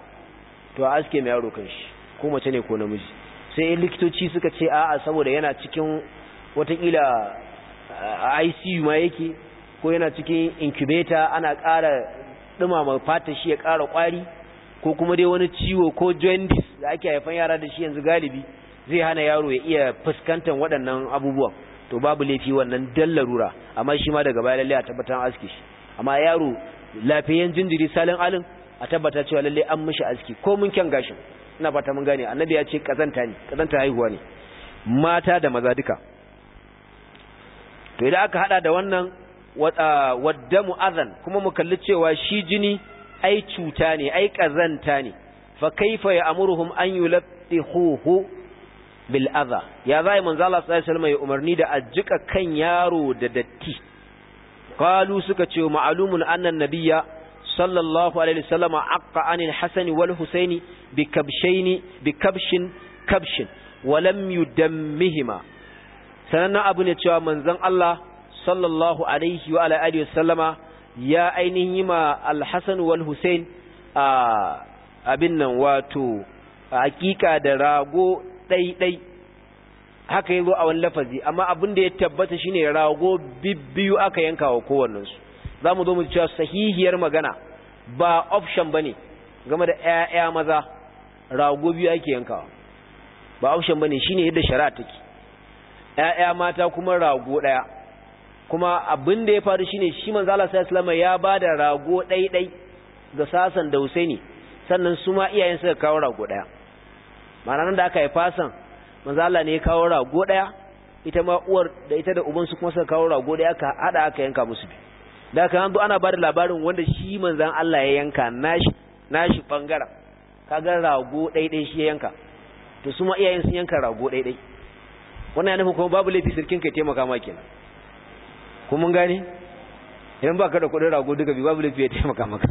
to a aske mai yaro kan shi ko mace ne ko namiji sai likitoci suka ce a'a saboda yana cikin watakila ICU ma yake ko yana cikin incubator ana ƙara dumama fata shi ya ƙara ƙwari ko kuma dai wani ciwo ko jaundice da ake haifan yara da shi yanzu galibi zai hana yaro ya iya fuskantar waɗannan abubuwan to babu laifi wannan dan larura amma shi ma daga baya lalle a tabbatar aske shi amma yaro lafiyan jinjiri salin alin a tabbata cewa lalle an mishi aski ko mun kyan gashin ina fata mun gane annabi ya ce kazanta ne kazanta haihuwa ne mata da maza duka to idan aka hada da wannan wadda mu'azan kuma mu kalli cewa shi jini ai cuta ne ai kazanta ne fa kaifa ya amuruhum an yulatihuhu bil adha ya zai manzo Allah sallallahu alaihi wasallam ya umarni da ajika kan yaro da datti qalu suka ce ma'lumun anna nabiyya sallallahu alaihi wasallam aqqa anil hasan wal husaini bi kabshaini bi kabshin kabshin wa lam yudammihima sanannan abu ne cewa manzon Allah sallallahu alaihi wa alihi wasallama ya ainihin yima al hasan wal husain a abin nan wato hakika da rago ɗaiɗai haka zo a wani lafazi amma abin da ya tabbata shine rago bibbiyu aka yanka wa kowannen su zamu zo mu cewa sahihiyar magana ba option bane game da ƴaƴa maza rago biyu ake yankawa ba option bane shine yadda shari'a take ƴaƴa mata kuma rago ɗaya kuma abin da ya faru shine shi manzo Allah sallallahu alaihi wasallam ya bada rago ɗaiɗai ga sasan da Husaini sannan su ma iyayen suka kawo rago ɗaya ma'ana nan da aka yi fasan manzo Allah ne ya kawo rago daya ita ma uwar da ita da uban su kuma suka kawo rago daya aka hada aka yanka musu da haka an zo ana bada labarin wanda shi manzon Allah ya yanka nashi nashi bangaren kaga rago dai shi ya yanka to su ma iyayen sun yanka rago dai wannan ya nufin kuma babu laifi sirkin kai taimaka ma kenan kun mun gane idan baka da kudin rago duka bi babu laifi ya taimaka maka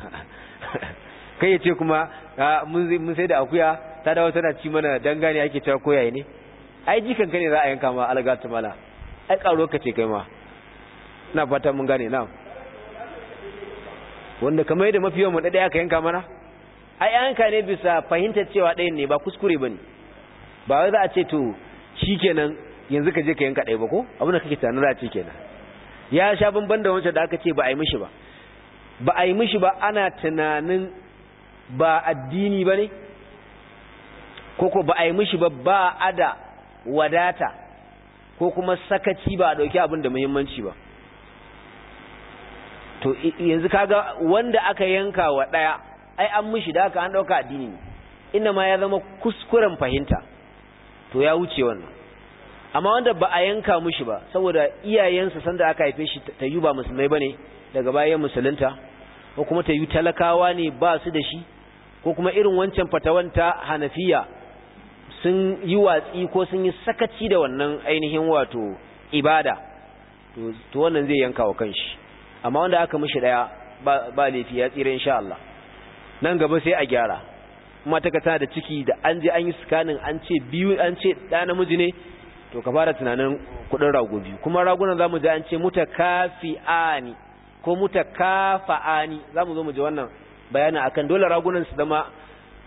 kai ya ce kuma ah, mun sai da akuya ta dawo tana ci mana dangane ake cewa koyaye ne ai jikan ka ne za a yanka ma alga mala ai karo ka ce kai ma na fata mun gane na wanda kamar yadda mafi yawan mu ɗaya aka yanka mana ai yanka ne bisa fahimtar cewa dayan ne ba kuskure bane ba wai za a ce to shikenan yanzu ka je ka yanka ɗaya ba ko abin da kake tunanin za a ce kenan ya sha bamban da wancan da aka ce ba a yi mishi ba ba a yi mishi ba ana tunanin ba addini ba ne ba a yi mishi ba ba ada wadata ko kuma sakaci ba a ɗauki abin da muhimmanci ba to yanzu kaga wanda aka yanka wa ɗaya ai an mishi da aka an ɗauka addini inda ma ya zama kuskuren fahimta to ya wuce wannan amma wanda ba a yanka mushi ba saboda iyayensa sanda aka haife shi ta yi ba musulmai ba ne daga bayan musulunta ko kuma ta yi talakawa ne ba su da shi ko kuma irin wancan fatawan ta hanafiya sun yi watsi ko sun yi sakaci da wannan ainihin wato ibada to wannan zai yanka wa kanshi amma wanda aka mishi daya ba laifi ya tsira insha Allah nan gaba sai a gyara kuma ta kasa da ciki da an je an yi scanning an ce biyu an ce da namiji ne to ka fara tunanin kudin rago biyu kuma ragunan zamu je an ce mutakafi'ani ko mutakafa'ani zamu zo mu je wannan bayanin akan dole ragunan su zama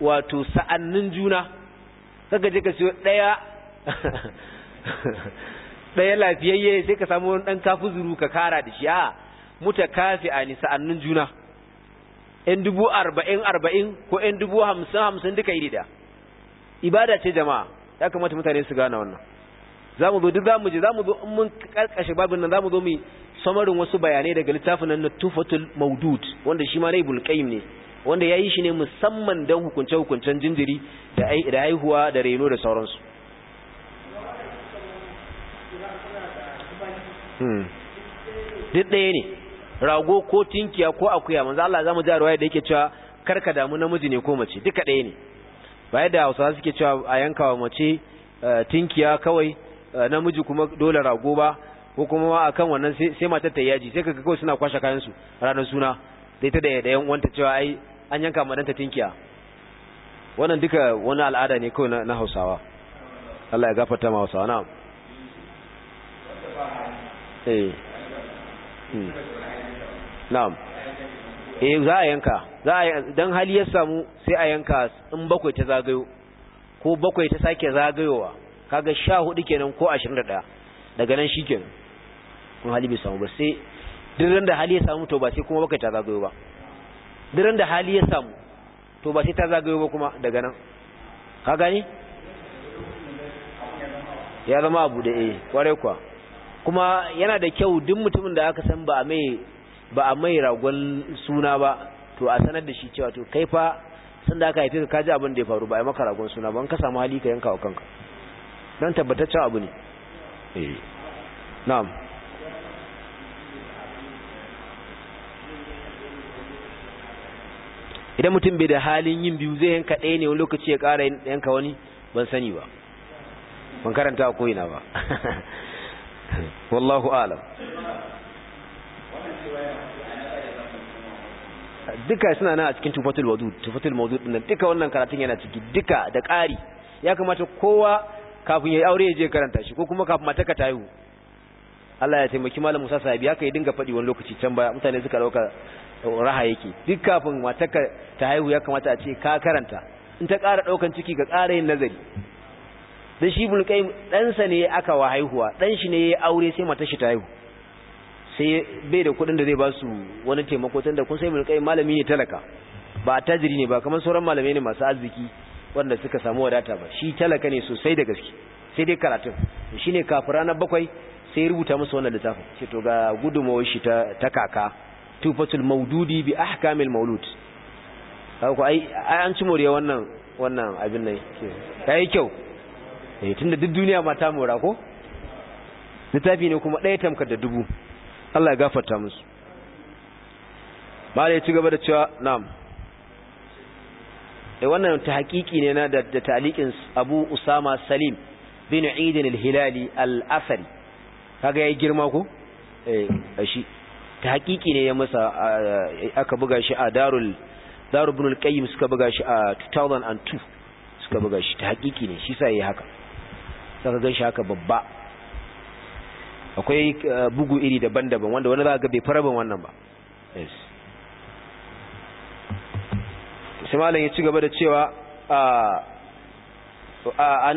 wato sa'annin juna saka je ka siyo ɗaya ɗaya lafiyayye sai ka samu wani ɗan kafuzuru ka kara da shi a muta kafi a nisa'annin juna ‘yan dubu arba'in arba'in ko ‘yan dubu hamsin hamsin duka yi da ibada ce jama'a ya kamata mutane su gane wannan za mu zo duk za mu je za mu zo in mun karkashe babin nan za mu zo mu samarin wasu bayanai daga littafin nan na tufatul maudud wanda shi ma na ibul qayyim ne wanda ya yi shi ne musamman don hukunce-hukuncen jinjiri da haihuwa da reno da sauransu hmm. duk ɗaya ne rago ko tinkiya ko akuya manzo Allah zamu ji ruwaya da yake cewa karka damu namiji ne ko mace duka ɗaya ne ba yadda Hausawa suke cewa a yanka wa mace eh, tinkiya kawai eh, namiji kuma dole rago ba ko kuma akan wannan sai matar ta yaji sai kaga kawai suna kwashe kayan su ranar suna da ita da yan wanta cewa ai an yanka madan ta tinkiya wannan duka wani al'ada ne kawai na Hausawa Allah ya gafarta ma Hausawa na'am eh hmm. na'am eh za a yanka za a dan hali ya samu sai a yanka in bakwai ta zagayo ko bakwai ta sake zagayowa kaga 14 kenan ko 21 daga nan shikenan kun hali bai samu ba sai duk da hali ya samu to ba sai kuma baka ta zagayo ba duk da hali ya samu to ba sai ta zagayo ba kuma daga nan ka gani ya zama abu da eh kware kuwa kuma yana da kyau duk mutumin da aka san ba a mai ba a mai ragon suna ba to a sanar da shi cewa to kai fa sanda aka haife ka kaji abin da ya faru ba a maka ragon suna ba in ka samu hali ka yanka wa kanka dan tabbataccen abu ne eh na'am idan mutum bai da halin yin biyu zai yanka ɗaya ne wani lokaci ya ƙara yanka wani ban sani ba ban karanta a ko'ina ba wallahu alam duka suna nan a cikin tufatul wadud tufatul mawdud din duka wannan karatun yana ciki duka da ƙari ya kamata kowa kafin ya aure ya je karanta shi ko kuma kafin mata ka tayu Allah ya taimaki malam Musa sahibi haka ya dinga faɗi wani lokaci can baya mutane suka dauka raha yake duk kafin matarka ta haihu ya kamata a ce ka karanta in ta kara ɗaukan ciki ka kara yin nazari dan shi ibn ɗansa ne aka wa haihuwa ɗan shi ne ya aure sai mata shi ta haihu sai bai da kuɗin da zai ba su wani taimako tunda kun sai ibn malami ne talaka ba tajiri ne ba kamar sauran malamai ne masu arziki wanda suka samu wadata ba shi talaka ne sosai da gaske sai dai karatun shine kafin ranar bakwai sai rubuta musu wannan littafin ce to ga gudunmawar shi ta kaka tufatul maududi bi ahkamil maulud ko ai an ci moriya wannan wannan abin nan kai kyau eh tunda duk duniya ma ta mora ko littafi ne kuma ɗaya tamkar da dubu Allah ya gafarta musu mala ya ci gaba da cewa na'am eh wannan ta hakiki ne na da, da Abu Usama Salim bin Eid al-Hilali al-Athari kaga yayi girma ko eh ashi ta hakiki ne ya masa aka buga shi a darul darul ibn al suka buga shi a 2002 suka buga shi ta hakiki ne shi sai haka saka gan shi haka babba akwai bugu iri daban-daban wanda wani za ga bai fara ban wannan ba yes sai malam ya ci gaba da cewa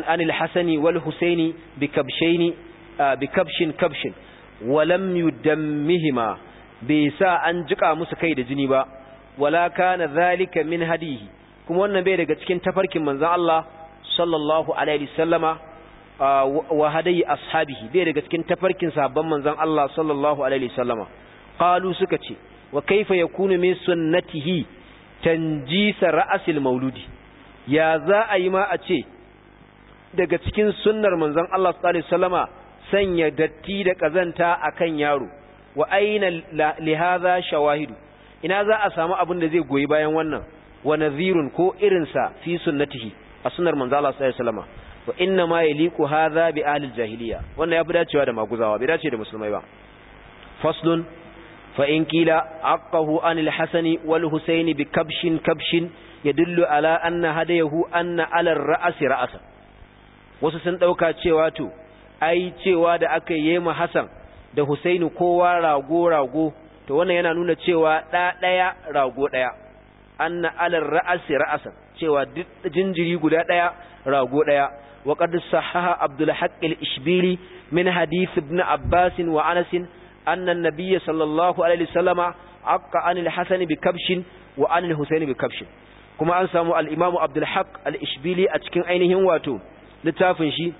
an al-hasani wal husaini bi kabshaini kabshin walam ولم bai sa an jika musu kai da jini ba wala kana zalika min hadihi kuma wannan bai daga cikin tafarkin manzon Allah sallallahu alaihi wasallama wa hadayi ashabihi bai daga cikin tafarkin sabon manzon Allah sallallahu alaihi wasallama qalu suka ce wa kaifa yakunu min sunnatihi tanjisa ra'asil mauludi ya za a yi ma a ce daga cikin sunnar manzon Allah sallallahu alaihi wasallama sanya datti da kazanta akan yaro wa aina lihaza shawahidu ina za a samu abin da zai goyi bayan wannan wa nazirun ko irinsa fi sunnatihi a sunnar manzala sallallahu alaihi wasallam wa inna ma liku hadha bi ahli jahiliya wannan yafi dacewa da maguzawa bai dace da musulmai ba faslun fa in qila aqahu anil hasani wal husaini bi kabshin kabshin yadullu ala anna hadayahu anna ala ra'asi ra'asa wasu sun dauka cewa to ai cewa da aka yi ma hasan da Husainu kowa rago rago to wannan yana nuna cewa da daya rago daya anna alal ra'asi ra'asan cewa jinjiri guda daya rago daya wa qad sahaha Abdul Haqq al-Ishbili min hadith ibn Abbas wa Anas anna an-nabiy sallallahu alaihi salama aqqa anil Hasan bi kabshin wa anil husaini bi kabshin kuma an samu al-Imam Abdul Haqq al-Ishbili a cikin ainihin wato littafin shi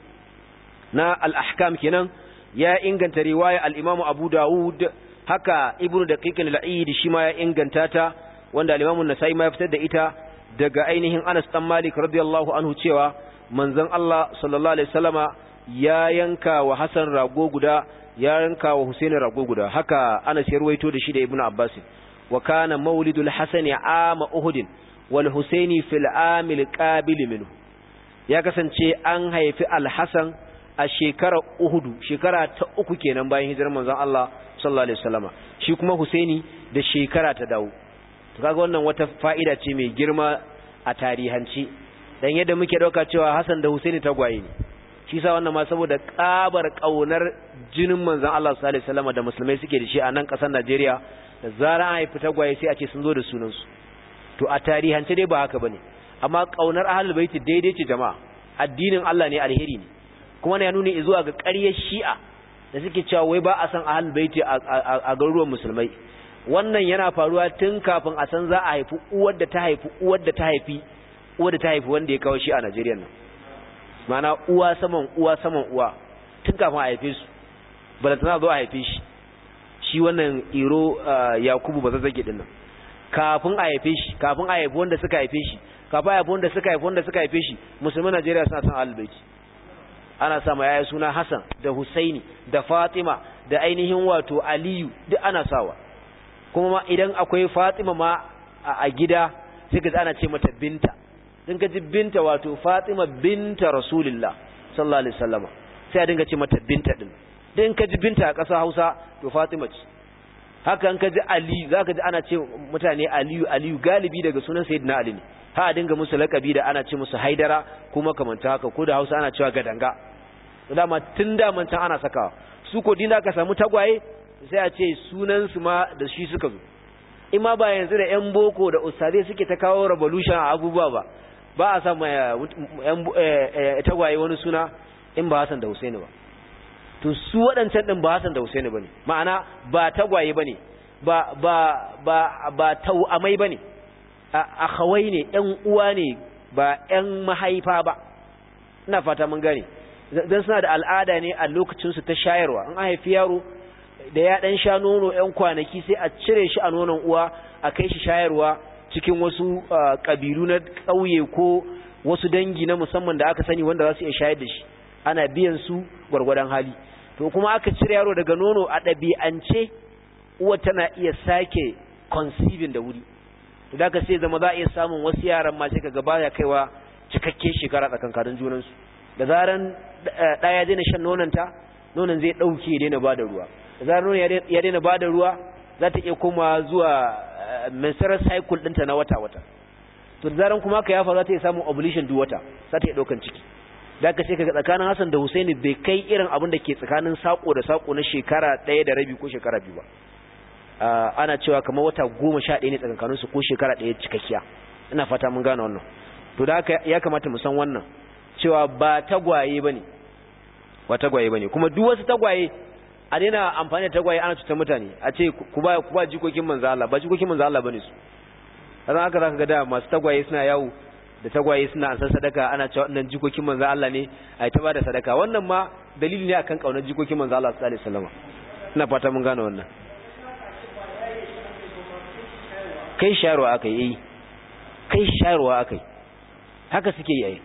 na al-ahkam kenan ya inganta riwaya al-Imam Abu Dawud haka Ibn Daqiq al-Aid shi ma ya inganta ta wanda al-Imam ma ya fitar da ita daga ainihin Anas dan Malik radiyallahu anhu cewa manzon Allah sallallahu alaihi wasallama ya yanka wa Hassan rago guda ya yanka wa Husaini rago guda haka Anas ya ruwaito da shi da ibnu Abbas wa kana maulidul Hasani ama Uhud wal Husaini fil amil qabil minhu ya kasance an haifi al-Hasan a shekara Uhudu shekara ta uku kenan bayan hijirar manzon Allah sallallahu alaihi wasallama shi kuma Husaini da shekara ta dawo to kaga wannan wata fa'ida ce mai girma a tarihanci dan yadda muke dauka cewa Hassan da Husaini tagwaye ne shi sa wannan ma saboda kabar kaunar jinin manzon Allah sallallahu alaihi wasallama da musulmai suke da shi a nan kasar Najeriya da zara an haifi tagwaye sai a ce sun zo da sunan su to a tarihance dai ba haka bane amma kaunar ahlul baiti daidai ce jama'a addinin Allah ne alheri ne kuma na ya nuni zuwa ga ƙaryar shi'a da suke cewa wai ba a san ahal baiti a garuruwan musulmai wannan yana faruwa tun kafin a san za a haifi uwar da ta haifi uwar da ta haifi uwar da ta haifi wanda ya kawo shi a Najeriya nan mana uwa saman uwa saman uwa tun kafin a haife su tana zo a haife shi shi wannan iro yakubu ba zazzage din nan kafin a haife shi kafin a haifi wanda suka haife shi kafin a haifi wanda suka haifi wanda suka haife shi musulmai Najeriya suna san ahlul baiti ana sama yaya suna Hassan da Husaini da Fatima da ainihin wato Aliyu duk ana sawa kuma ma idan akwai Fatima ma a gida sai ka ana ce mata binta din ka ji binta wato Fatima binta Rasulullah sallallahu alaihi wasallama sai a dinga ce mata binta din din ka ji binta a ƙasa Hausa to Fatima ce haka in ka ji Aliyu zaka ji ana ce mutane Aliyu Aliyu galibi daga sunan Sayyidina Ali ne ha a dinga musu laƙabi da ana ce musu Haidara kuma kamanta haka ko da Hausa ana cewa gadanga da dama tun daman can ana sakawa su ko dinda ka samu tagwaye sai a ce sunan su ma da shi suka zo in ma ba yanzu da yan boko da ustade suke ta kawo revolution a abubuwa ba ba a samu eh, eh, eh, tagwaye wani suna in ba Hassan da Husaini ba to su waɗancan din ba Hassan da Husaini bane ma'ana ba tagwaye bane ba ba ba ba amai bane hawai ne yan uwa ne ba yan mahaifa ba ina fata mun gani. dan suna da al'ada ne a lokacin su ta shayarwa an haifi yaro da ya dan sha nono yan kwanaki sai a cire shi a nonon uwa a kai shi shayarwa cikin wasu kabilu na ƙauye ko wasu dangi na musamman da aka sani wanda za su iya shayar da shi ana biyan su gwargwadon hali to kuma aka cire yaro daga nono a ɗabi'ance uwa tana iya sake conceiving da wuri to da ka sai zama za a iya samun wasu yaran ma sai ka gaba ya kaiwa cikakke shekara tsakankanin junansu da zaran eh, ɗaya ya daina shan nonanta nonan zai ɗauke ya daina bada ruwa da zaran nonan ya daina bada ruwa za ta iya koma zuwa eh, menstrual cycle ɗinta na wata-wata to da zaran kuma ka ya za ta iya samun ovulation duk wata za ta iya ɗaukan ciki da ka ce ka tsakanin Hassan da Husaini bai kai irin abin da ke tsakanin sako da sako na shekara ɗaya da rabi ko shekara biyu ba eh, ana cewa kamar wata goma sha ɗaya ne tsakankaninsu ko shekara ɗaya cikakkiya ina fata mun gane wannan to da ya kamata mu san wannan cewa ba tagwaye bane ba tagwaye bane kuma duk wasu tagwaye a daina amfani da tagwaye ana cutar mutane a ce ku ba ku ba jikokin manzo Allah ba jikokin manzo Allah bane su dan haka zaka ga da masu tagwaye suna yawo da tagwaye suna an sadaka ana cewa wannan jikokin manzo Allah ne ai ta bada sadaka wannan ma dalili ne akan kaunar jikokin manzo Allah sallallahu alaihi wasallam ina fata mun gane wannan kai sharuwa akai eh kai sharuwa akai haka suke yi eh.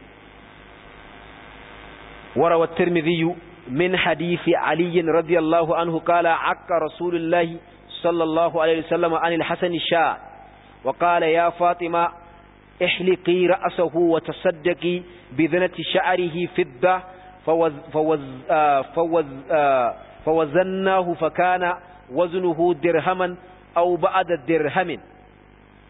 وروى الترمذي من حديث علي رضي الله عنه قال عك رسول الله صلى الله عليه وسلم عن الحسن الشاء وقال يا فاطمة احلقي رأسه وتصدقي بذنة شعره فضة فوز فوز آه فوز آه فوزناه فكان وزنه درهما أو بعد الدرهم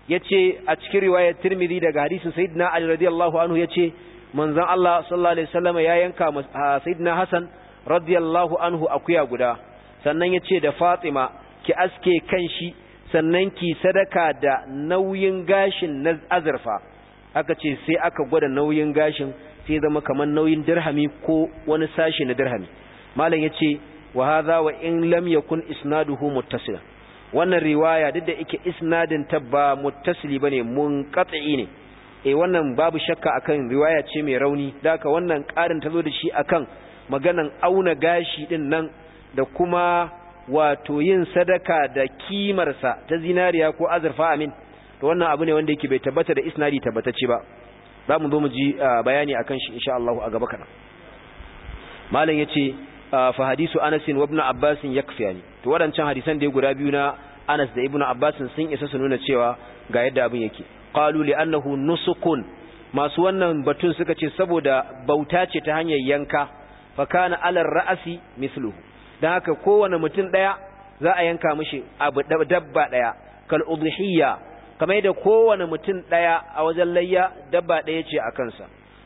yace a رواية الترمذي Tirmidhi حديث سيدنا علي رضي الله عنه yace Manzan Allah sallallahu alaihi wasallam ya yanka ah, sayyidina Hassan radiyallahu anhu akuya guda sannan yace da Fatima ki aske kanshi sannan ki sadaka da nauyin gashin na azurfa aka ce sai aka gwada nauyin gashin sai zama kamar nauyin dirhami ko wani sashi na dirhami malam yace wa hadha wa in lam yakun isnaduhu muttasil wannan riwaya duk da yake isnadin ta ba muttasili bane munqati ne eh wannan babu shakka akan riwaya ce mai rauni daka wannan ƙarin tazo da shi akan maganan auna gashi din nan da kuma wato yin sadaka da kimarsa ta zinariya ko azurfa amin to wannan abu ne wanda yake bai tabbata da isnadi tabbatacce ba za mu zo mu ji ah, bayani akan shi insha Allah a gaba kana malam yace ah, fa hadisu Anas wa Ibn Abbas yani to wadancan hadisan da guda biyu na Anas da Ibn Abbas sun isa su nuna cewa ga yadda abin yake qalu annahu nusukun masu wannan batun suka ce saboda bauta ce ta hanyar yanka fa kana ala ra'asi misluhu dan haka kowanne mutum daya za a yanka mishi abu dabba daya kal udhiyya kamar yadda kowanne mutum daya a wajen layya dabba daya ce a kansa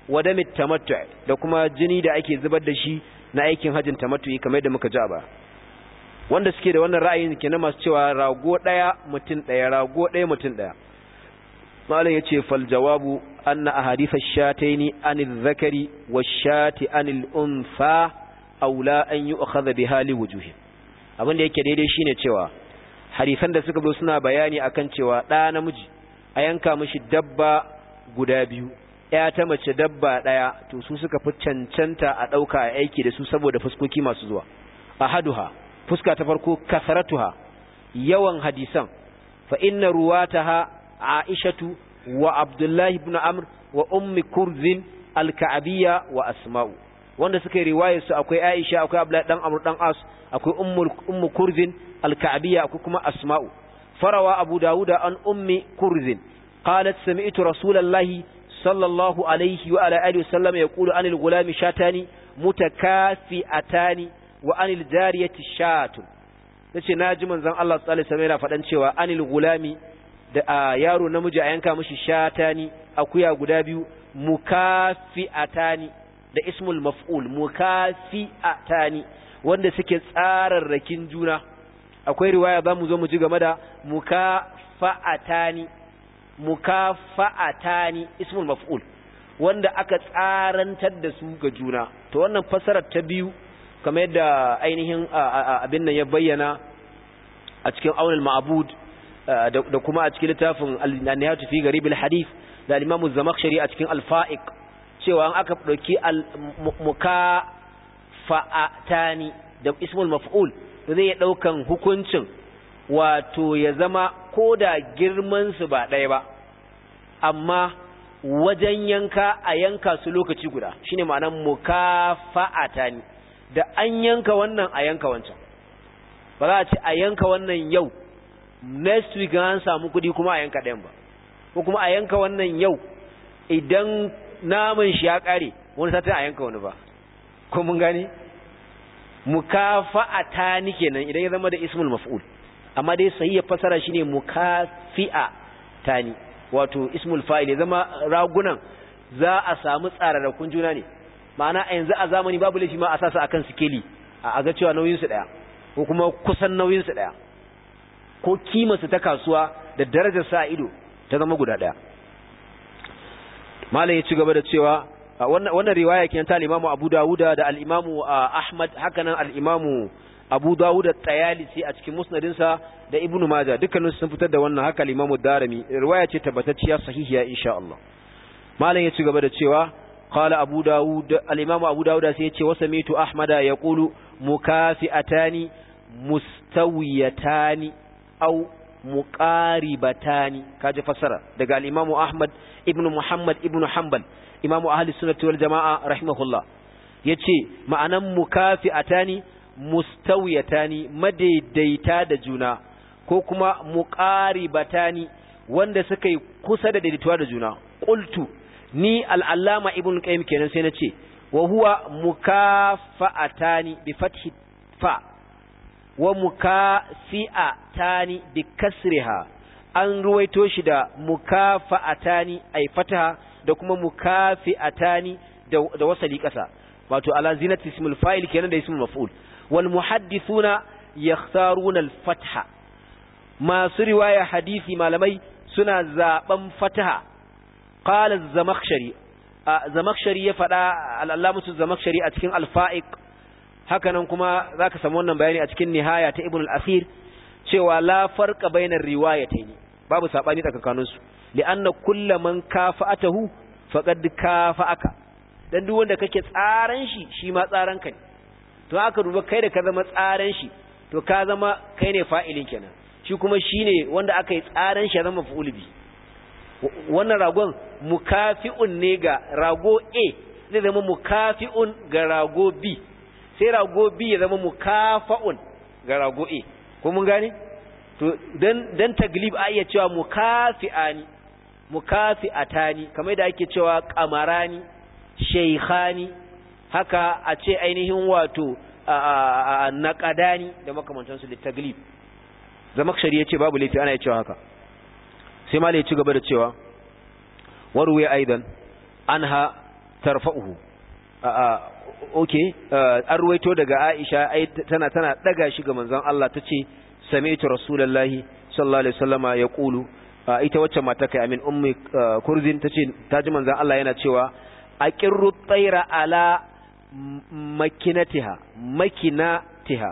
wadamit tamattu da kuma jini da ake zubar da shi na aikin hajin tamattu kamar yadda muka ja ba wanda suke da wannan ra'ayin kenan masu cewa rago daya mutum daya rago daya mutum daya malam yace fal jawabu anna ahadith ash shataini anil zakari wash-shati anil untha aula an yu'khadha biha li wujuhi abin da yake daidai shine cewa hadisan da suka zo suna bayani akan cewa da namiji a yanka mishi dabba guda biyu ya ta mace dabba ɗaya to su suka fi cancanta a ɗauka a aiki da su saboda fuskoki masu zuwa ahaduha fuska ta farko kasaratuha yawan hadisan fa inna ruwataha aishatu wa abdullahi ibn amr wa ummi kurzin al-ka'abiyya wa asma'u wanda suka yi riwayar akwai aisha akwai abdullahi dan amr dan as akwai ummu kurzin al-ka'abiyya akwai kuma asma'u farawa abu dawuda an ummi kurzin qalat sami'tu rasulullahi sallallahu alaihi wa ala alihi wasallam yaqulu anil gulami shatani mutakafi'atani wa anil jariyati shatun tace naji manzon Allah sallallahu alaihi wasallam yana faɗan cewa anil gulami da a yaro namiji a yanka mishi shatani akuya guda biyu mukafi'atani da ismul maf'ul mukafi'atani wanda suke tsararrakin juna akwai riwaya zamu zo mu ji game da mukafa'atani mukafa'atani ismul maf'ul wanda aka tsarantar da su ga juna to wannan fasarar ta biyu kamar yadda ainihin abin nan ya bayyana a cikin aunul ma'bud da kuma a cikin littafin al-nihayatu fi garib al-hadith da al-imam az-zamakhshari a cikin al-fa'iq cewa an aka dauki al-muka fa'atani da ismul maf'ul to zai daukan hukuncin wato ya zama koda girman su ba ɗaya ba amma wajen yanka a yanka su lokaci guda shine ma'anar mukafa'atani da an yanka wannan a yanka wancan ba za a ce a yanka wannan yau next week an samu kuɗi kuma a yanka ɗayan ba ko kuma a yanka wannan yau idan naman shi ya ƙare wani satin a yanka wani ba ko mun gani? mukafa'a ta ni kenan idan ya zama da ismul maf'ul amma dai ya fasara shine mukafi'a tani wato ismul fa'il ya zama ragunan za a samu tsararrakun juna ne ma'ana a yanzu a zamani babu laifi ma a sasa akan sikeli a ga cewa nauyin su ko kuma kusan nauyinsu su daya ko kimarsa ta kasuwa da darajar sa ido ta zama guda ɗaya malam ya ci gaba da cewa wannan riwaya kenan ta al-Imam Abu Dawuda da al-Imam Ahmad hakanan al-Imam Abu Dawud at-Tayalisi a cikin musnadinsa da Ibn Majah dukkanin sun fitar da wannan haka al-Imam Darimi riwaya ce tabbatacciya sahihiya insha Allah malam ya ci gaba da cewa qala Abu Dawud al-Imam Abu Dawud sai ya ce wa samitu Ahmada yaqulu atani mustawiyatani au muqaribatani kaji fasara daga al-Imam Ahmad ibn Muhammad ibn Hanbal Imam Ahli Sunnah wal Jamaa rahimahullah yace ma'anan mukafi'atani mustawiyatani madaidaita da juna ko kuma muqaribatani wanda suka yi kusa da daidaituwa da juna qultu ni al-Allama Ibn Qayyim kenan sai nace wa huwa mukafa'atani bi fathi fa wa mukasi'atani bi kasriha an ruwaito shi da mukafa'atani ay fataha da kuma ta ni da wasali kasa wato ala zinati ismul fa'il kenan da ismul maf'ul wal muhaddithuna yakhtaruna al fatha masu riwaya hadisi malamai suna zaben fataha qala az-zamakhshari zamakhshari ya faɗa, al-allamatu zamakhshari a cikin al hakanan kuma za ka samu wannan bayani a cikin nihaya ta ibn al-asir cewa la farqa bainar riwayatayn babu sabani tsakanin su li'anna kullu man kafa'atahu faqad kafa'aka dan duk wanda kake tsaran shi shi ma tsaran ka to aka duba kai da ka zama tsaran shi to ka zama kai ne fa'ilin kenan shi kuma shine wanda aka yi tsaran shi zama fa'ul bi wannan ragon mukafi'un ne ga rago A zai zama mukafi'un ga rago B sai rago biyu ya zama mukafa'un ga rago A ko mun gane to dan dan taglib a iya cewa mukafi'ani mukafi'atani kamar da ake cewa qamarani shaykhani haka a ce ainihin wato naqadani da makamantansu Zama shari'a yace babu laifi ana cewa haka sai ma ya ci gaba da cewa warwe aidan anha tarfa'uhu Ok eh, an ruwaito daga Aisha ai tana tana daga shi ga manzon Allah tace sami'tu rasulullahi sallallahu alaihi wasallama yaqulu eh, ita wacce mata kai amin ummi eh, kurzin tace taji manzon Allah yana cewa aqirru tayra ala makinatiha makinatiha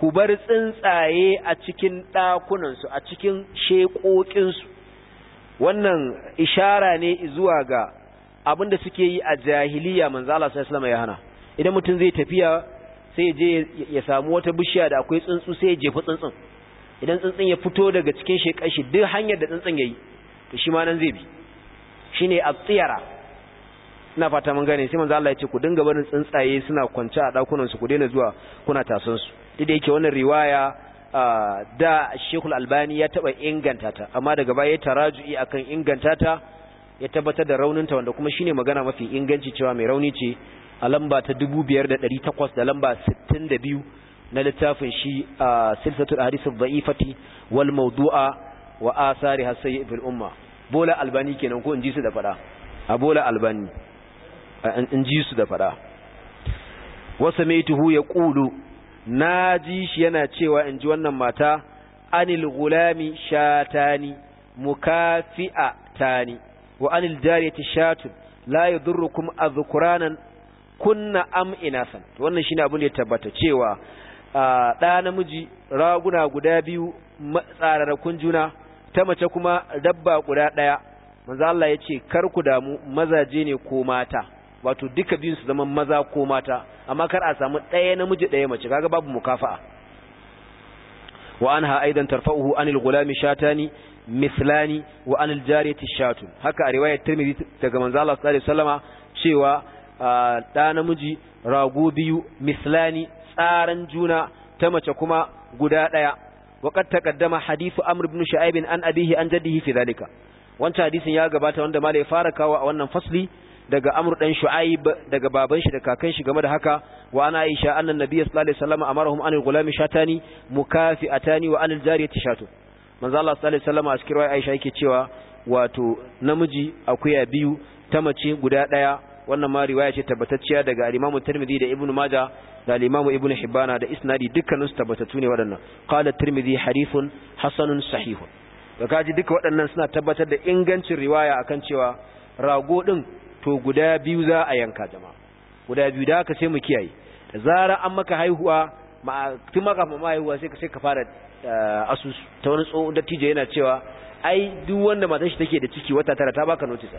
ku bar tsuntsaye a cikin dakunan su a cikin shekokin su wannan ishara ne zuwa ga abinda suke yi a jahiliya manzo Allah sallallahu alaihi wasallama ya hana idan mutum zai tafiya sai je ya samu wata bishiya da akwai tsuntsu sai ya jefa tsuntsun idan tsuntsun ya fito daga cikin shekar shi duk hanyar da tsuntsun yayi to shi ma nan zai bi shine abtsiyara ina fata mun gane sai manzo Allah ya ce ku dinga barin tsuntsaye suna kwance a dakunan su ku daina zuwa kuna tasan su duk da yake wannan riwaya da Sheikhul Albani ya taba inganta ta amma daga baya ya taraju'i akan inganta ta ya tabbatar da raunin ta wanda kuma shine magana mafi inganci cewa mai rauni ce a lamba ta 5800 da lamba 62 na littafin shi a silsatul hadith dha'ifati wal maudu'a wa asari hasayyi fil umma bola albani kenan ko in ji su da fada a bola albani inji su da fada ya samaituhu na ji shi yana cewa in ji wannan mata anil gulami shatani mukafi'a tani wa anil jariyati shatun la a adhkuranan kunna am inasan wannan shine abin da ya tabbata cewa Da namiji raguna guda biyu tsararrakun juna ta mace kuma dabba guda ɗaya manzo Allah ya kar ku damu mazaje ne ko mata wato duka biyun su zama maza ko mata amma kar a samu ɗaya namiji ɗaya mace kaga babu mukafa'a wa anha aidan tarfa'uhu anil gulami shatani mislani wa anil jariyati shatun haka a riwayar Tirmidhi daga manzo Allah sallallahu alaihi wasallama cewa ɗa namiji rago biyu mislani tsaran juna ta mace kuma guda ɗaya وقد تقدم hadisu أمر بن شعيب an أبيه an جده في ذلك wancan hadisin ya gabata wanda ya fara kawo a wannan fasli daga amr dan shu'aib daga baban shi da kakan shi game da haka wa ana aisha annan nabiy sallallahu alaihi wasallam amarahum anil gulami shatani mukafi'atani wa anil jariyati shatu manzo Allah sallallahu alaihi wasallam a cikin aisha yake cewa wato namiji akuya biyu ta mace guda ɗaya. wannan ma riwaya ce tabbatacciya daga al-Imam Tirmidhi da Ibn Majah da al-Imam Ibn Hibban da isnadi dukkanin su tabbatattu ne waɗannan qala Tirmidhi harifun hasanun sahihun da kaji duka waɗannan suna tabbatar da ingancin riwaya akan cewa rago din to guda biyu za a yanka jama'a guda biyu da ka sai mu kiyaye da zara an maka haihuwa ma tun maka mama haihuwa sai ka sai ka fara eh, asus ta wani tsohon dattijo yana cewa ai duk wanda matar shi take da ciki wata tara ta baka notice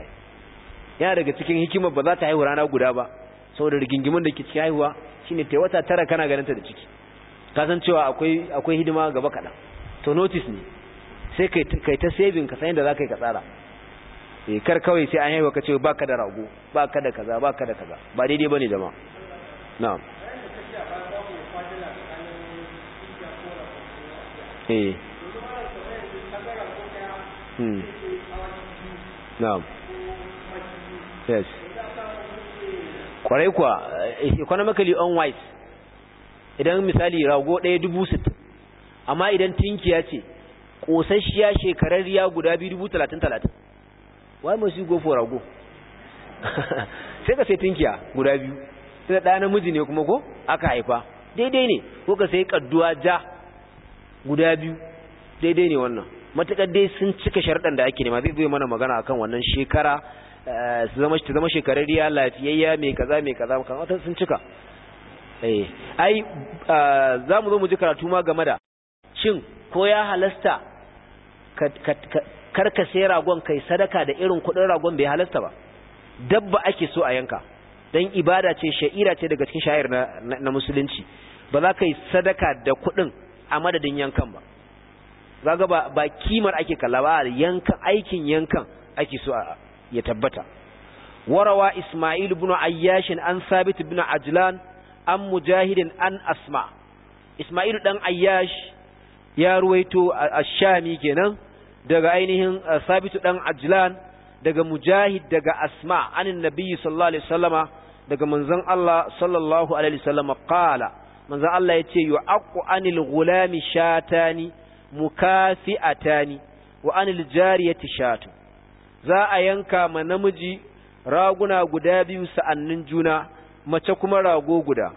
yana daga cikin hikimar ba za ta haihu rana guda ba saboda rigingimin da ke cikin haihuwa shine ta wata tara kana ganin ta da ciki ka san cewa akwai akwai hidima gaba kaɗan to notice ne sai kai kai ta saving ka san yadda za ka yi ka tsara eh kar kawai sai an haihuwa ka ce ba ka da rago ba ka da kaza ba ka da kaza ba daidai bane jama'a na'am eh hmm. na'am yes kwarai kuwa economically unwise idan misali rago ɗaya dubu sittin amma idan tinkiya ce shekarar shekararriya guda biyu dubu talatin talatin why must you go for rago sai ka sai tinkiya guda biyu sai ɗaya namiji ne kuma ko aka haifa daidai ne ko ka sai kadduwa ja guda biyu daidai ne wannan matuƙar dai sun cika sharɗan da ake nema zai zai mana magana akan wannan shekara Eh, su zama ta zama shekararriya lafiyayya mai kaza mai kaza kan wata sun cika eh, ai eh, za mu zo mu ji karatu ma game da shin ko ya halasta karka ka sai ragon kai sadaka da irin kudin ragon bai halasta ba dabba ake so a yanka dan ibada ce sha'ira ce daga cikin sha'ir na, musulunci ba za ka yi sadaka da kuɗin a madadin yankan ba za ga ba kimar ake kalla ba yankan aikin yankan ake so a ya tabbata warawa Ismail ibn Ayyash an Sabit ibn Ajlan an Mujahid an Asma Ismail dan Ayyash ya ruwaito ash-Shami kenan daga ainihin Sabit dan Ajlan daga Mujahid daga Asma anin Nabi sallallahu alaihi wasallama daga manzon Allah sallallahu alaihi wasallama qala manzon Allah yace yu'aqqu anil gulami shatani atani wa anil jariyati shatu za a yanka ma namiji raguna guda biyu sa'annin juna mace kuma rago guda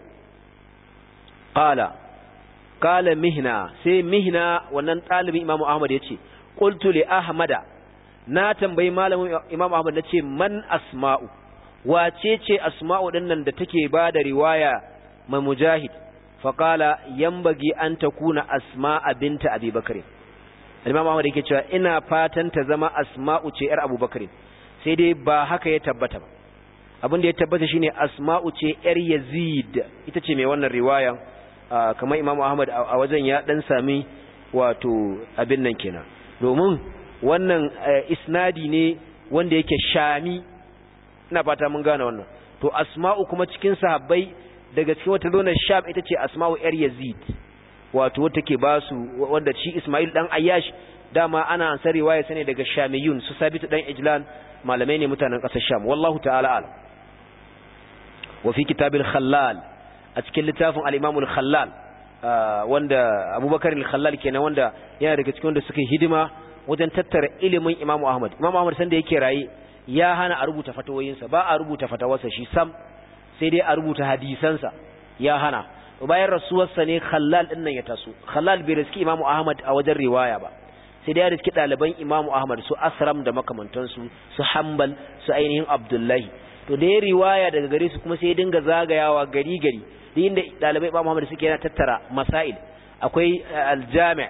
qala qala mihna sai mihna wannan ɗalibin imamu ahmad yace qultu li ahmada na tambayi malamin Imam ahmad nace man asma'u wace ce asma'u dinnan da take ba da riwaya ma mujahid Qala yambagi an takuna asma'a binta abubakar Imam Ahmad yake cewa ina fatan ta zama Asma'u ce yar Abubakar sai dai ba haka ya tabbata ba abin da ya tabbata shine Asma'u ce yar Yazid ita ce mai wannan riwaya kamar Imam Ahmad a wajen ya dan sami wato abin nan kenan domin wannan isnadi ne wanda yake shami ina fata mun gane wannan to Asma'u kuma cikin sahabbai daga cikin wata zonar Sham ita ce Asma'u yar Yazid wato take ba su wanda shi Ismail dan Ayyash dama ana ansar ya sane daga Shamiyun su sabitu dan Ijlan malamai ne mutanen kasar Sham wallahu ta'ala alam wa fi kitabil khallal a cikin littafin al-Imam al-Khallal ah, wanda Abubakar al-Khallal kenan wanda yana daga cikin wanda suka hidima wajen tattara ilimin Imam Ahmad Imam Ahmad sanda yake raye ya hana a rubuta fatawoyinsa ba a rubuta fatawarsa shi sam sai dai a rubuta hadisansa ya hana bayan rasuwarsa ne khallal din nan ya taso khallal bai riski imamu ahmad a wajen riwaya ba sai da ya riski ɗaliban imamu ahmad su asram da makamantansu su hambal su ainihin abdullahi to da ya riwaya daga gare su kuma sai dinga zagayawa gari gari da inda ɗalibai imamu ahmad suke yana tattara masail akwai eh, aljami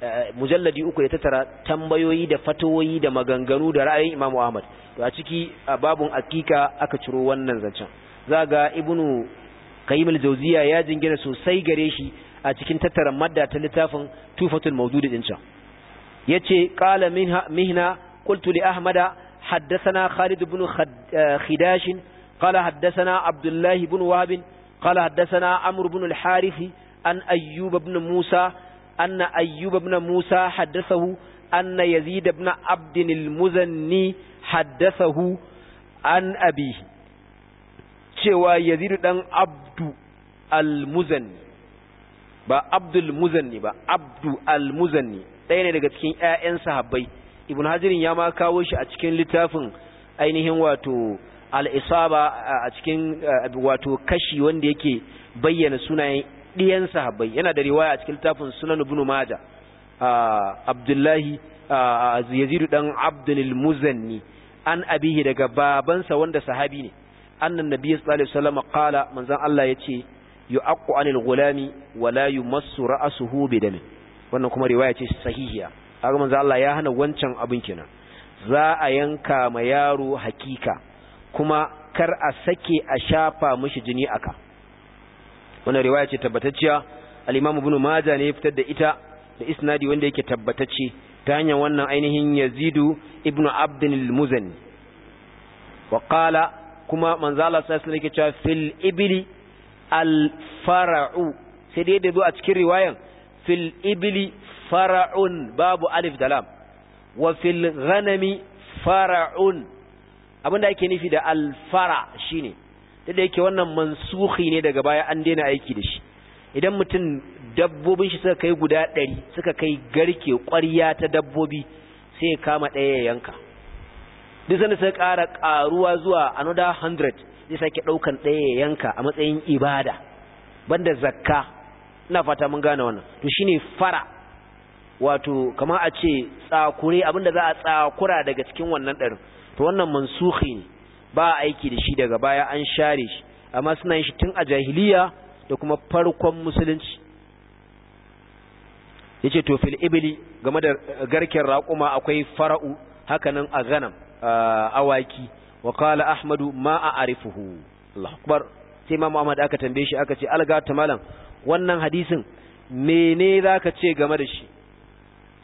eh, mujalladi uku da tattara tambayoyi da fatawoyi da maganganu da ra'ayin imamu ahmad to a ciki a babun akika aka ciro wannan zancen za ga ibnu qayyim al ya jingina sosai gare shi a cikin tattara madda ta littafin tufatul mawdud din can yace ce minha mihna qultu ahmada haddathana khalid ibn eh, khidash qala haddathana abdullahi bin wabin qala haddathana amr ibn al an ayyuba ibn musa anna ayyuba ibn musa haddathahu anna yazid ibn abdin al-muzanni haddathahu an abihi cewa yazidu dan abdu al-muzanni ba abdul muzanni ba abdu al-muzanni ɗaya ne daga cikin ƴaƴan sahabbai ibn hajirin ya ma kawo shi a cikin littafin ainihin wato al-isaba a cikin wato kashi wanda yake bayyana sunayen ɗiyan sahabbai yana da riwaya a cikin littafin sunan ibn maja abdullahi yazidu dan abdul muzanni an abihi daga babansa wanda sahabi ne annan nabiy sallallahu alaihi wasallam qala manzon Allah yace yu'aqqu anil gulami wa la yumassu ra'suhu wannan kuma riwaya ce sahihiya kaga manzon Allah ya hana wancan abin kenan za a yanka ma yaro hakika kuma kar a sake a shafa mishi jini aka wannan riwaya ce tabbatacciya al-imam ibn majah ne ya fitar da ita da isnadi wanda yake tabbatacce ta hanyar wannan ainihin yazidu Ibnu abdin al-muzani wa qala kuma manzo Allah sallallahu alaihi fil ibli al sai dai da zo a cikin riwayan fil ibli fara'un babu alif Dalam wa fil ghanami fara'un abinda ake nufi da AlFara fara shine da yake wannan mansuhi ne daga baya an daina aiki da shi idan mutum dabbobin shi suka kai guda ɗari suka kai garke ƙwarya ta dabbobi sai kama ɗaya yanka duk sanda sai kara ƙaruwa zuwa another hundred zai sake ɗaukan ɗaya yanka a matsayin ibada banda zakka ina fata mun gane wannan to shine fara wato kamar a ce tsakure abinda za a tsakura daga cikin wannan ɗari. to wannan mansuhi ne ba aiki da shi daga baya an share shi amma suna yin shi tun a jahiliya da kuma farkon musulunci yace to fil ibli game da garken raƙuma akwai fara'u hakanan a ganam awaki wa kala ahmadu ma a a'rifuhu Allah akbar sai ma Ahmad aka tambaye shi aka ce alga ta malam wannan hadisin mene zaka ce game da shi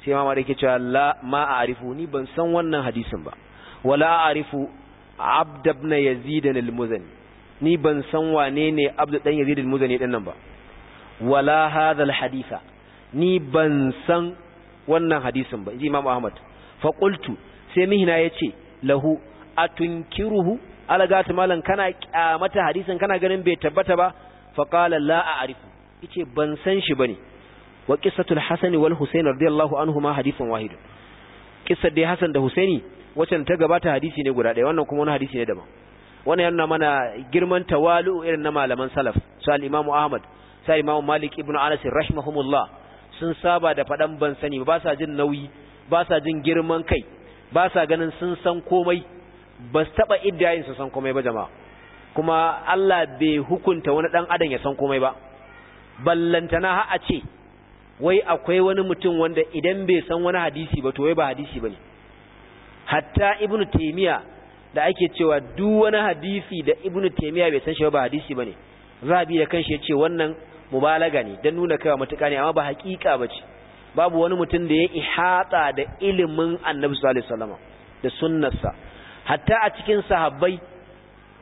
sai ma Ahmad yake cewa la ma a'rifu ni ban san wannan hadisin ba wala a'rifu Abd ibn Yazid al-Muzani ni ban san wane ne Abd dan Yazid al-Muzani din nan ba wala hadha al ni ban san wannan hadisin ba inji Imam Ahmad fa qultu sai mihna yace lahu atunkiruhu alagatu malam kana kyamata hadisin kana ganin bai tabbata ba faqala la a'rifu yace ban san shi ne wa qissatul hasan wal husayn radiyallahu anhuma hadithun wahid kissar dai hasan da husaini wacan ta gabata hadisi ne guda ɗaya wannan kuma wani hadisi ne daban wannan yana mana girman tawalu irin na malaman salaf su al-imamu ahmad su al-imamu malik ibnu anas rahimahumullah sun saba da faɗan ban sani ba sa jin nauyi ba sa jin girman kai ba sa ganin sun san komai ba su taɓa iddayin su san komai ba jama'a kuma Allah bai hukunta wani ɗan adam ya san komai ba ballantana ha a ce wai akwai wani mutum wanda idan bai san wani hadisi ba to wai ba hadisi bane hatta ibnu taymiya da ake cewa duk wani hadisi da ibnu taymiya bai san shi ba hadisi bane zabi da kanshi ya ce wannan mubalaga ne dan nuna kaiwa matuƙa ne amma ba haƙiƙa bace babu wani mutum da ya ihata da ilimin annabi sallallahu alaihi wasallam da sunnarsa hatta a cikin sahabbai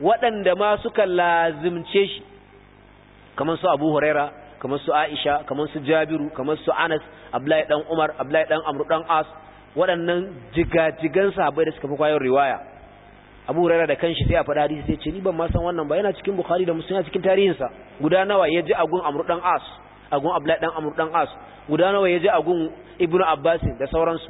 waɗanda ma suka lazimce shi kamar su Abu Huraira kamar su Aisha kamar su Jabiru kamar su Anas Abdullahi dan Umar Abdullahi dan Amr dan As waɗannan jigajigan sahabbai da suka fi kwayar riwaya Abu Huraira da kanshi sai a faɗa hadisi sai ce ni ban ma san wannan ba yana cikin Bukhari da Muslim cikin tarihinsa guda nawa ya ji agun Amr dan As agun abdullahi dan amur dan as guda nawa yaje agun ibnu abbas da sauransu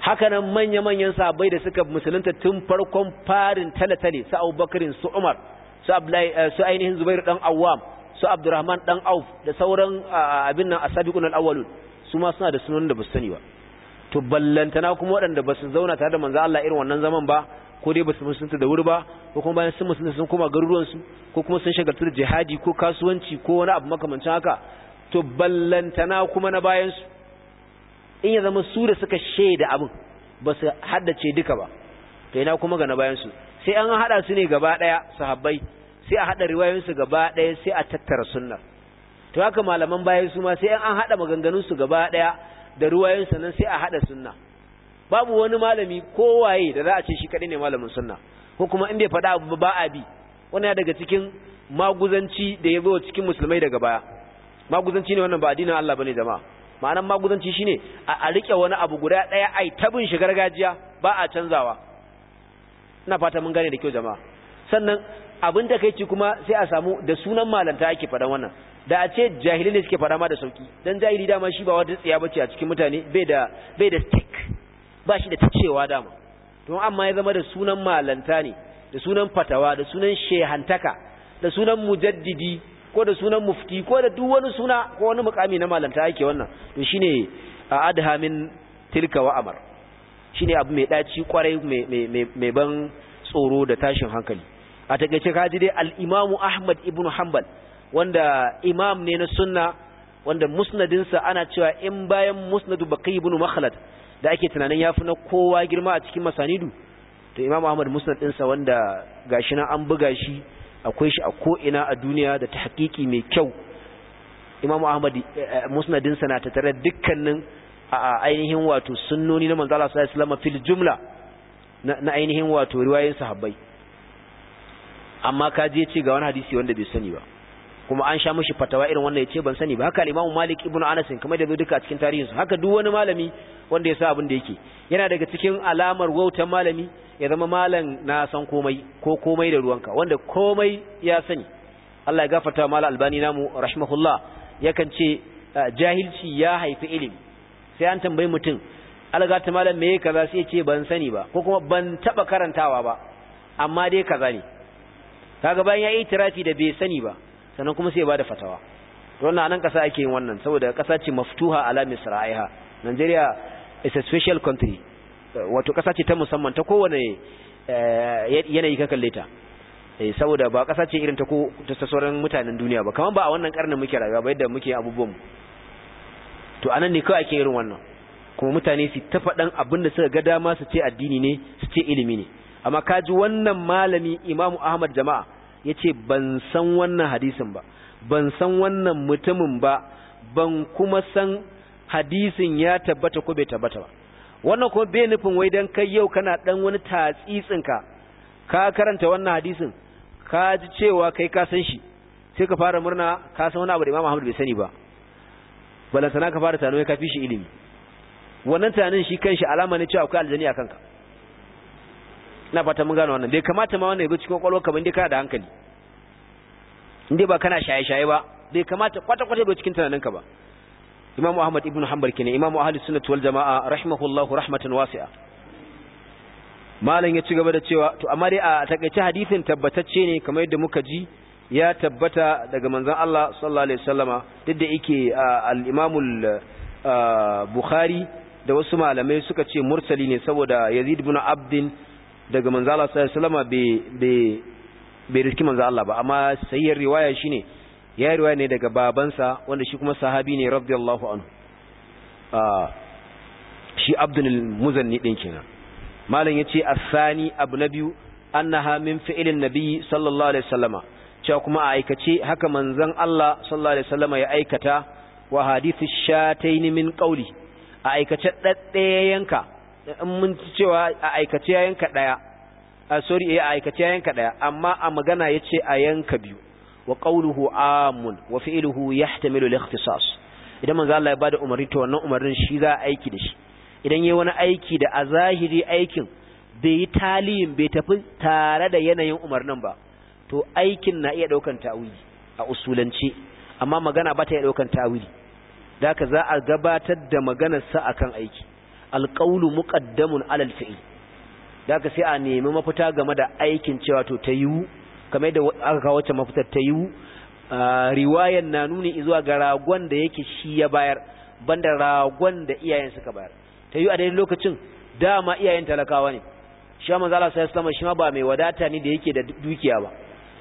haka nan manya manyan sahabbai da suka musulunta tun farkon farin talatale su abubakar su umar su eh, ainihin zubair dan awwam su abdurrahman dan auf da sauran abin nan asabiqun alawwalun su ma suna da sunan da ba su sani ba to ballantana kuma waɗanda ba su zauna tare da manzo Allah irin wannan zaman ba ko dai basu musulunta da wuri ba ko kuma bayan sun musulunta sun koma garuruwansu ko kuma sun shagaltu da jihadi ko kasuwanci ko wani abu makamancin haka to ballantana kuma na bayansu in ya zama su da suka shaida abin ba su haddace duka ba to ina kuma ga na bayansu sai an haɗa su ne gaba ɗaya sahabbai sai a haɗa riwayoyinsu gaba ɗaya sai a tattara sunnar to haka malaman bayan su ma sai an haɗa maganganunsu gaba ɗaya da ruwayoyinsu nan sai a haɗa sunna babu wani malami kowaye da za a ce shi kaɗai ne malamin sunna ko kuma in bai faɗa abu ba a bi wannan daga cikin maguzanci da ya zo cikin musulmai daga baya maguzanci ne wannan ba addinin Allah bane jama'a ma'anan maguzanci shine a rike wani abu guda daya ai tabin shi gargajiya ba a canzawa ina fata mun gane da kyau jama'a sannan abin da kai ci kuma sai a samu da sunan malanta ake faɗan wannan da a ce jahili ne suke faɗa ma da sauki dan jahili dama shi ba wata tsiya bace a cikin mutane bai da bai da stick ba shi da ta cewa dama don amma ya zama da sunan malanta ne da sunan fatawa da sunan shehantaka da sunan mujaddidi ko da sunan mufti ko da duk wani suna ko wani mukami na malanta yake wannan to shine a adha min tilka wa amar shine abu mai daci kwarai mai ban tsoro da tashin hankali a takeice kaji dai al-imamu ahmad ibn hanbal wanda imam ne na sunna wanda musnadinsa ana cewa in bayan musnadu baqi ibn makhlad da ake tunanin ya fi na kowa girma a cikin masanidu to Imam Ahmad Musnad ɗinsa wanda gashi na an buga shi akwai shi a ko'ina a duniya da ta hakiki mai kyau Imam Ahmad eh, Musnad ɗinsa na tattare dukkanin a ainihin wato sunnoni na manzala su sallallahu alaihi fil jumla na ainihin wato riwayoyin sahabbai amma ka je ce ga wani hadisi wanda bai sani ba kuma an sha mishi fatawa irin wannan ya ce ban sani ba haka al-Imam Malik ibn Anas kamar da duka a cikin tarihinsu haka duk wani malami wanda ya sa abin da yake yana daga cikin alamar wautan malami ya zama malam na san komai ko komai da ruwanka wanda komai ya sani Allah ya gafarta mala albani namu rahimahullah yakan ce ah, jahilci ya haifi ilimi sai an tambayi mutum alga ta malam me kaza sai ya ce ban sani ba ko kuma ban taba karantawa ba amma dai kaza ne kaga bayan ya itirafi da bai sani ba sannan kuma sai ya bada fatawa to wannan nan kasa ake yin wannan saboda kasa ce maftuha ala misra'iha Najeriya is a special country wato kasa ce ta musamman ta kowane eh, yanayi ka kalle ta eh, saboda ba kasa ce irin ta ko ta sauran mutanen duniya ba kamar ba a wannan karnin muke rayuwa ba yadda muke abubuwan to anan ne kawai ake irin wannan kuma mutane su ta faɗan abin da suka ga dama su ce addini ne su ce ilimi ne amma kaji wannan malami imam ahmad jama'a ya ce ban san wannan hadisin ba ban san wannan mutumin ba ban kuma san hadisin ya tabbata ko bai tabbata ba wannan kuma bai nufin wai dan kai yau kana dan wani tatsitsin ka ka karanta wannan hadisin ka ji cewa kai ka san shi sai ka fara murna ka san wani abu da Imam Ahmad bai sani ba sana ka fara tunani ka fi shi ilimi wannan tunanin shi kanshi alama ne cewa akwai aljani a kanka ina fata mun gano wannan bai kamata ma wannan ya bi cikin kwakwalwar ka ba indai kana da hankali indai ba kana shaye-shaye ba bai kamata kwata-kwata ya bi cikin tunaninka ba Imam ahmad ibn hanbal kenan imam ahlus sunnah wal jamaa rahimahullahu rahmatan wasi'a malam ya ci gaba da cewa to amma dai a takaice hadisin tabbatacce ne kamar yadda muka ji ya tabbata daga manzon Allah sallallahu alaihi wasallama duk da yake al-Imam bukhari da wasu malamai suka ce mursali ne saboda Yazid ibn Abdin daga manzon Allah sallallahu alaihi wasallama bai bai riski manzon Allah ba amma sayyar riwaya shine ya riwaya ne daga babansa wanda shi kuma sahabi ne radiyallahu anhu ah, shi abdul muzanni din kenan malam yace asani abu na biyu annaha min fi'lin nabi sallallahu alaihi wasallama cewa kuma a aikace haka manzon Allah sallallahu alaihi wasallama ya aikata wa hadithu shatayn min qawli a aikace yanka. in mun cewa a aikace yayanka daya a sorry eh, a aikace yayanka daya amma a magana yace a yanka biyu wa qawluhu amun wa fi'luhu yahtamilu al-ikhtisas idan manzo Allah ya bada umarni to wannan umarnin shi za aiki da shi idan yayi wani aiki da a zahiri aikin bai yi taliyin bai tafi tare da yanayin umarnin ba to aikin na iya daukan tawili a usulance amma magana ba ta iya daukan tawili da za a gabatar da maganar sa akan aiki alqawlu muqaddamun alal fi'l da sai a nemi mafita game da aikin cewa to ta yiwu kamar da aka kawo wacce mafitar ta yiwu riwayan na nuni zuwa ga ragon da yake shi ya bayar banda ragon da iyayen suka bayar ta yiwu a daidai lokacin dama iyayen talakawa ne shi amma zala sai alaihi shi ma ba mai wadata ne da yake da dukiya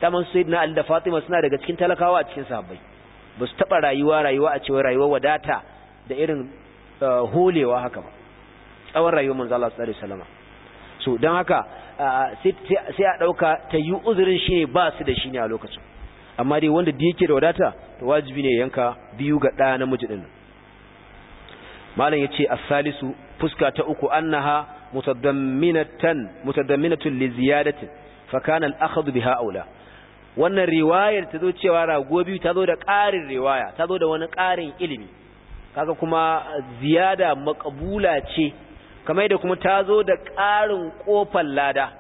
ba man sayyidina Ali da Fatima suna daga cikin talakawa a cikin sahabbai ba su taba rayuwa rayuwa a cewa rayuwar wadata da irin holewa haka ba tsawon rayuwar manzo Allah sallallahu alaihi haka sai a ɗauka ta yi uzurin shi ne ba su da shi ne a lokacin amma dai wanda da yake da wadata to wajibi ne yanka biyu ga ɗaya na mujidin malam ya ce a salisu fuska ta uku annaha mutadamminatan mutadamminatun li ziyadatin fa kana al-akhdhu biha aula wannan riwayar ta zo cewa rago biyu ta zo da ƙarin riwaya ta zo da wani ƙarin ilimi kaga kuma ziyada makabula ce kamar da kuma ta zo da ƙarin ƙofar lada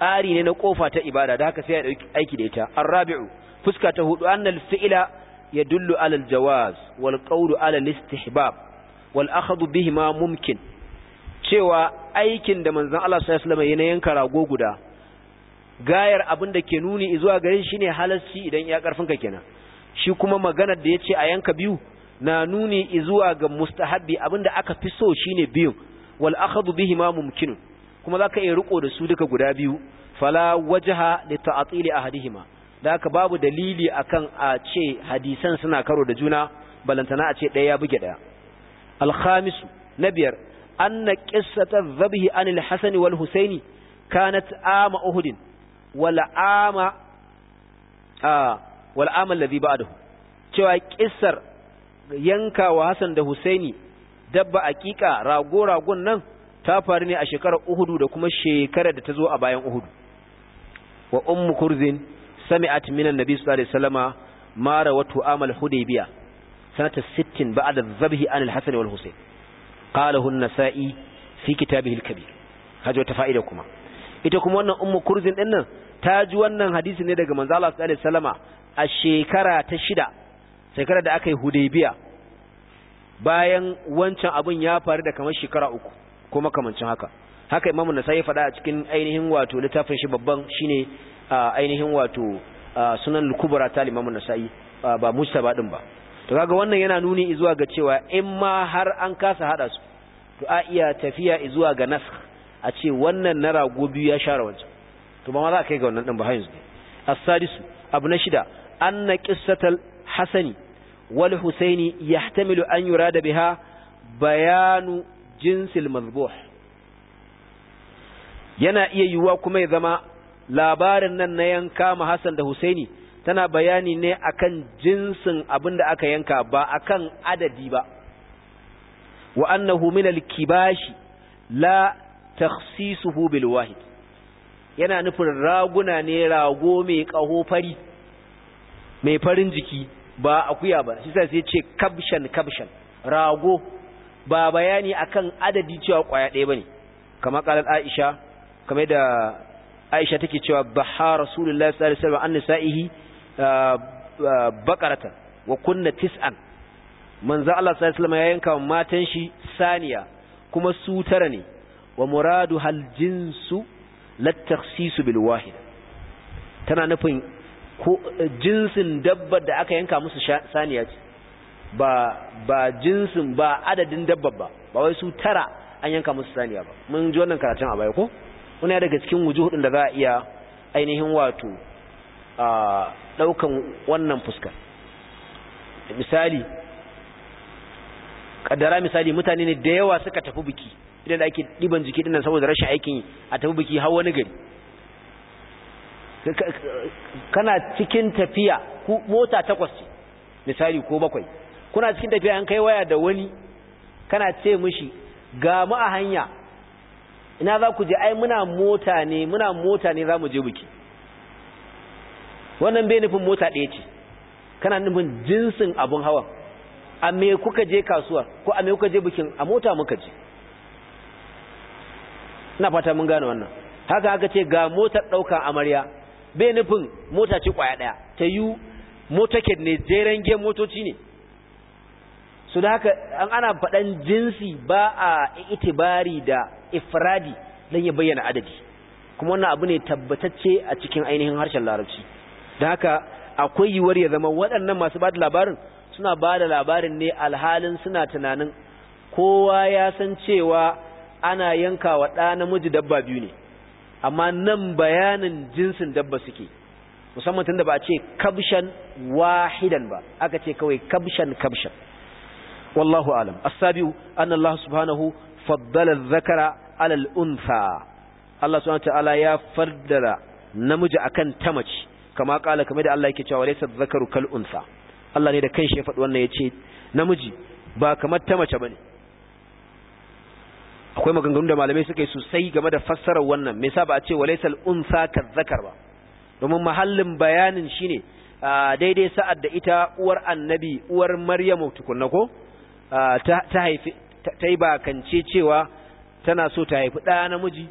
ƙari ne na ƙofa ta ibada da haka sai ya ɗauki aiki da ita an rabi'u fuska ta hudu annal fi'ila dullu alal jawaz wal qawlu alal istihbab wal akhadhu bihima mumkin cewa aikin da manzon Allah sallallahu alaihi yana yanka rago guda gayar abin da ke nuni zuwa gare shi shine halarci idan ya karfin ka kenan shi kuma maganar da ya ce a yanka biyu na nuni izuwa ga mustahabbi abinda aka fi so shine biyun wal akhadhu bihi ma mumkin kuma zaka iya riko da su duka guda biyu fala wajha li ta'til ahadihima da babu dalili akan a ce hadisan suna karo da juna balantana a ce daya ya buge daya al khamis na biyar anna qissata dhabhi anil hasan wal husaini kanat ama uhud wal ama a wal ama alladhi ba'dahu cewa kissar yanka wa Hassan da Husaini dabba aƙiƙa rago ragon nan ta faru ne a shekarar Uhudu da kuma shekarar da ta zo a bayan Uhudu wa ummu kurzin sami'at minan nabi sallallahu alaihi wasallama ma rawatu amal hudaybiya sanata 60 ba'da dhabhi an al-hasan wal husayn qalahu an-nasa'i fi kitabihi al-kabir hajo ta fa'ida kuma ita kuma wannan ummu kurzin din nan ta ji wannan hadisi ne daga manzo Allah sallallahu alaihi wasallama a shekara ta shida shekarar da aka yi hudaybiya bayan wancan abin ya faru da kamar shekara uku ko kamancin haka haka imamu nasa ya faɗa a cikin ainihin wato littafin shi babban shine ainihin wato sunan lukubura ta limamu nasa'i ba musta ba din ba to kaga wannan yana nuni zuwa ga cewa in ma har an kasa hada su to a iya tafiya zuwa ga nasakh a ce wannan na rago biyu ya share wancan to ba ma za a kai ga wannan din ba har yanzu as-sadisu abu na shida anna qissatal hasani wal husaini yahtamilu an da biha bayanu jinsil mazbuh yana iya yiwuwa kuma ya zama labarin nan na yanka ma Hassan da Husaini tana bayani ne akan jinsin abin da aka yanka ba akan adadi ba wa annahu kibashi la taksisu bil wahid yana nufin raguna ne rago mai kaho fari mai farin jiki ba akuya ba shi sai sai ce kabshan kabshan rago ba bayani akan adadi cewa kwaya ɗaya bane kamar qalat Aisha kamar da Aisha take cewa baha rasulullahi sallallahu alaihi wasallam annisa'ihi ah, ah, baqarata wa kunna tis'an manzo Allah sallallahu alaihi wasallam ya yanka matan shi saniya kuma su tara ne wa muradu hal jinsu la takhsisu bil wahid tana nufin ko eh, jinsin dabba da aka yanka musu saniya ce ba ba jinsin ba adadin dabbar ba ba wai su tara an yanka musu saniya ba mun ji wannan karatun a baya ko wani daga cikin hudun da za a iya ainihin wato a daukan wannan fuskar misali kaddara misali mutane ne da yawa suka tafi biki idan da ake diban jiki dinnan saboda rashin aikin a tafi biki har wani gari kana cikin tafiya mota takwas ce misali ko bakwai kuna cikin tafiya an kai waya da wani kana ce mishi ga mu a hanya ina za ku je ai muna mota ne muna mota ne za mu je buki wannan bai nufin mota ɗaya ce kana nufin jinsin abun hawan a me kuka je kasuwa ko a me kuka je bikin a mota muka je ina fata mun gane wannan haka haka ce ga motar ɗaukan amarya bai nufin mota ce kwaya daya ta yi motoket ne jeren gen motoci ne su da haka an ana faɗan jinsi ba a itibari da ifradi don ya bayyana adadi kuma wannan abu ne tabbatacce a cikin ainihin harshen larabci da haka akwai yiwuwar ya zama waɗannan masu ba da labarin suna ba da labarin ne alhalin suna tunanin kowa ya san cewa ana yanka wa ɗa namiji dabba biyu ne amma nan bayanin jinsin dabba suke musamman da ba a ce kabshan wahidan ba aka ce kawai kabshan kabshan wallahu alam as-sabiu anna Allah subhanahu faddala zakara alal 'ala untha Allah subhanahu ta'ala ya faddala namiji akan tamaci kama kala kamar da Allah yake cewa laysa zakaru dhakaru kal untha Allah ne da kanshi ya faɗi wannan yace namiji ba kamar tamace bane akwai maganganu da malamai suka yi sosai game da fassarar wannan me yasa ba a ce walaysal unsa zakar ba domin mahallin bayanin shine daidai sa'ad da ita uwar annabi uwar maryamu tukunna ko ta haifi ta yi bakance cewa tana so ta haifi ɗa namiji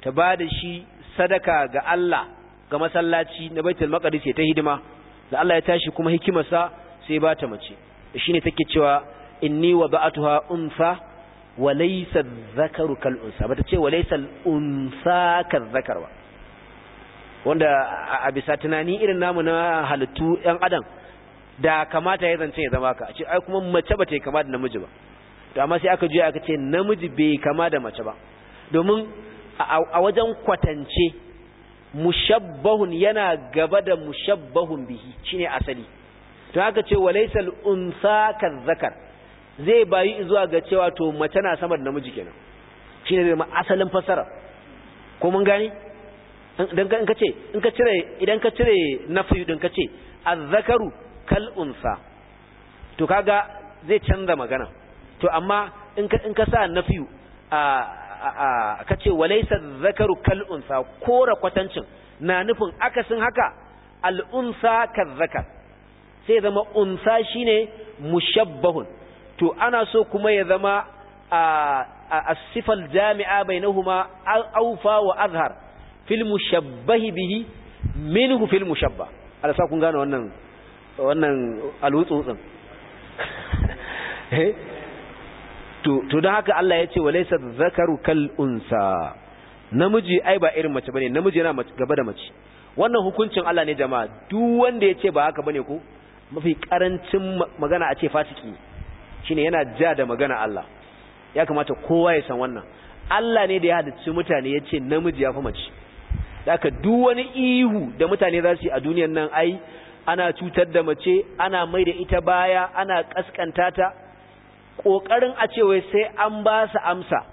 ta ba da shi sadaka ga Allah ga masallaci na baitul maqdis ta hidima da Allah ya tashi kuma hikimarsa sai ba ta mace shine take cewa inni wa ba'atuha unsa walaysa zakaru kal unsa bata ce walaysa unsa kal zakar ba wanda a bisa tunani irin namu na halittu yan adam da kamata ya zance ya zama ka a ce ai kuma mace ba ta yi kama da namiji ba to amma sai aka juya aka ce namiji bai kama da mace ba domin a wajen kwatance mushabbahun yana gaba da mushabbahun bihi shine asali to aka ce walaisar unsa kan zakar zai bayi zuwa ga cewa to mace na samar da namiji kenan shi ne ma asalin fasara ko mun gani dan in ka ce in ka cire idan ka cire din ka ce azzakaru kal unsa to kaga zai canza magana to amma in ka in ka sa na a ka ce walaysa zakaru kal unsa kora kwatancin na nufin akasin haka al unsa kal zakar sai zama unsa shine mushabbahun to ana so kuma ya zama a sifal jami'a bai na bainahuma aufa wa azhar fil shabbahi bihi filmu fil mushabba alasa kun gane wannan wannan eh? to don haka Allah ya ce walaysa zakaru kalunsa namiji ai ba irin mace ba ne namiji yana gaba da mace wannan hukuncin Allah ne jama'a duk wanda ya ce ba haka ba ne ko mafi karancin magana a ce fasiki shine yana ja da magana Allah ya kamata kowa ya san wannan Allah ne da ya halicci mutane ya ce namiji ya fi mace da aka duk wani ihu da mutane za su yi a duniyan nan ai ana cutar da mace ana mai da ita baya ana kaskanta ta ƙoƙarin a ce wai sai an ba su amsa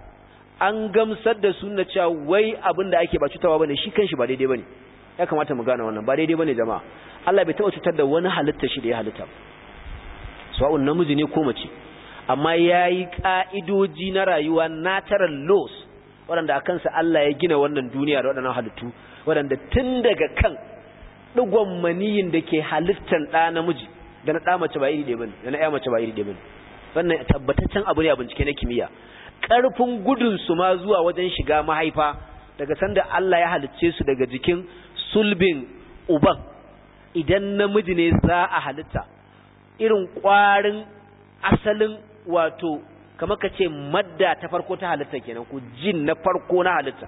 an gamsar da suna cewa wai abin da ake ba cutawa bane shi kanshi ba daidai bane ya kamata mu gane wannan ba daidai bane jama'a Allah bai taɓa cutar da wani halitta shi da ya halitta sawun namiji ne ko mace amma yayi ka'idoji na rayuwa natural laws wadanda a kansa Allah ya gina wannan duniya da waɗannan halittu wadanda tun daga kan dugon maniyin da ke halittar namiji da na ɗa mace ba iri da bane da na ƴa mace ba iri da bane wannan tabbataccen abu ne a bincike na kimiyya karfin gudun su ma zuwa wajen shiga mahaifa daga sanda Allah ya halicce su daga jikin sulbin uban idan namiji ne za a halitta irin ƙwarin asalin wato kamar ka ce madda ta farko ta halitta kenan ko jin na farko na halitta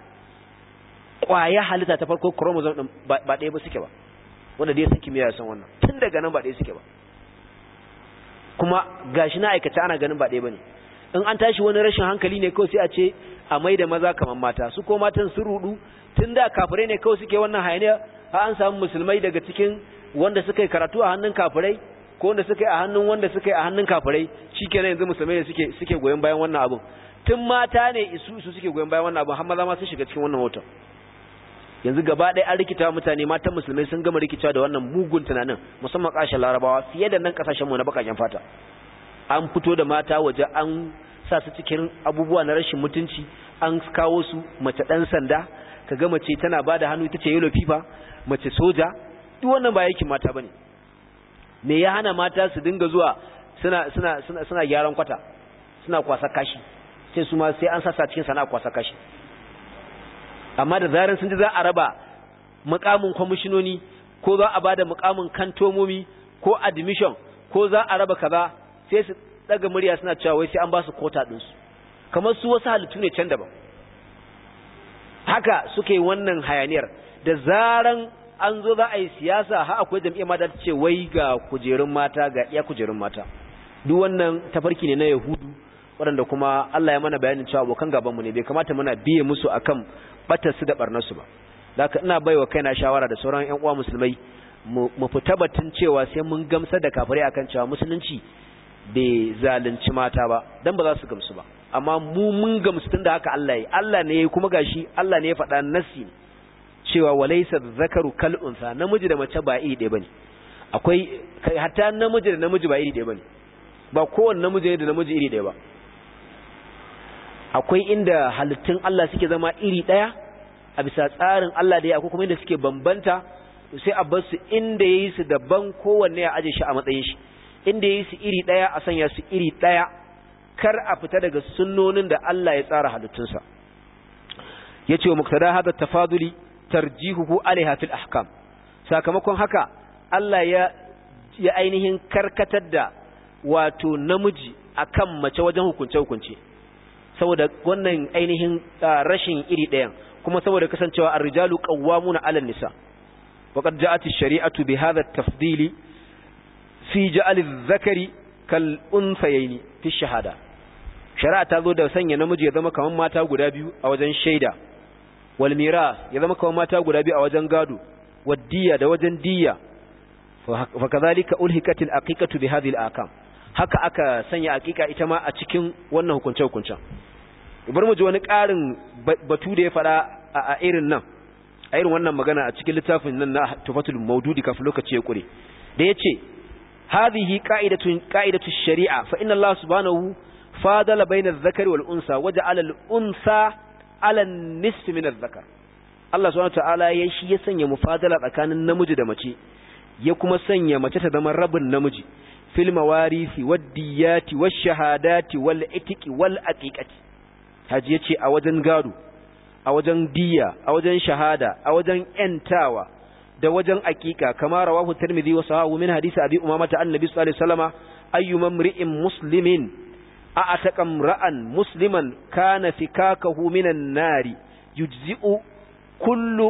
ƙwaya halitta ta farko chromosome ɗin ba ɗaya ba suke ba wanda dai sun kimiyya san wannan tun daga nan ba ɗaya suke ba kuma gashi na aikata ana ganin ba ɗaya ba ne in an tashi wani rashin hankali ne kawai sai a ce a mai da maza kamar mata su ko matan sun rudu tun da kafirai ne kawai suke wannan hayaniya har an samu musulmai daga cikin wanda suka yi karatu a hannun kafirai ko wanda suka yi a hannun wanda suka yi a hannun kafirai nan yanzu musulmai ne suke suke bayan wannan abin tun mata ne isu isu suke goyon bayan wannan abin har maza ma sun shiga cikin wannan hoton yanzu gaba ɗaya an rikita mutane matan musulmai sun gama rikicewa da wannan mugun tunanin musamman ƙasashen larabawa fiye da nan mu na baƙaƙen fata an fito da mata waje an sa su cikin abubuwa na rashin mutunci an kawo su mace ɗan sanda ka ga mace tana ba da hannu ita ce yellow fever mace soja duk wannan ba yakin mata ba ne me ya hana mata su dinga zuwa suna suna suna gyaran kwata suna kwasa kashi sai su ma sai an sassa cikin sana'a kwasa kashi amma da zaran sun ji za a raba mukamin kwamishinoni ko za a bada mukamin kantomomi ko admission ko za a raba kaza sai su daga murya suna cewa wai sai an ba su kota din kamar su wasu halittu ne can daban haka suke wannan hayaniyar da zaran an zo za a yi siyasa ha akwai jam'iyyar mata ta ce wai ga kujerun mata ga iya kujerun mata duk wannan tafarki ne na yahudu waɗanda kuma Allah ya mana bayanin cewa abokan gaban mu ne bai kamata muna biye musu akan batar su da barnar su ba haka ina baiwa kaina shawara da sauran ƴan uwa musulmai mu fita batun cewa sai mun gamsa da kafirai akan cewa musulunci bai zalunci mata ba dan ba za su gamsu ba amma mu mun gamsu tunda haka Allah ya yi Allah ne ya kuma gashi Allah ne ya faɗa nasi ne cewa walaysa zakaru kal unsa namiji da mace ba iri ɗaya bane akwai hatta namiji da namiji ba iri ɗaya bane ba kowanne namiji da namiji iri ɗaya ba akwai inda halittun Allah suke zama iri ɗaya a bisa tsarin Allah da ya akwai kuma inda suke bambanta sai a bar su inda yayi su daban kowanne ya aje shi a matsayin shi inda yayi su iri ɗaya a sanya su iri ɗaya kar a fita daga sunnonin da Allah ya tsara halittunsa yace wa muktada hada tafaduli tarjihuhu alaiha fil ahkam sakamakon haka Allah ya ya ainihin karkatar da wato namiji akan mace wajen hukunce hukunce saboda wannan ainihin rashin iri ɗayan kuma saboda kasancewa ar-rijalu qawwamuna 'ala an-nisa وقد جاءت الشريعة بهذا التفضيل في جعل الذكر كالأنثيين في shahada. shari'a ta zo da sanya namiji ya zama kamar mata guda biyu a wajen shaida Walmira ya zama kawai mata guda biyu a wajen gado waddiya da wajen diya fa kadhalika ulhikat al aqiqatu bi hadhihi al akam haka aka sanya aqiqa ita ma a cikin wannan hukunce hukunce bar mu ji wani ƙarin batu da ya fada a irin nan a irin wannan magana a cikin littafin nan na tufatul maududi kafin lokaci ya kure da yace hadhihi qa'idatun qa'idatu shari'a fa inna Allah subhanahu fadala bayna adh-dhakari wal unsa waja'ala al unsa alan nisfi min zakar Allah subhanahu ta'ala ya shi ya sanya mufadala tsakanin namiji da mace ya kuma sanya mace ta zama rabin namiji fil mawarisi waddiyati washahadati wal itiqi wal aqiqati haji yace a wajen gado a wajen diya a wajen shahada a wajen yantawa da wajen aqiqa kama rawahu tirmidhi wa sahahu min hadisi abi umama ta annabi sallallahu alaihi wasallama ayyuma mri'in muslimin a ataqam ra'an musliman kana fikakahu minan nari yujzi'u kullu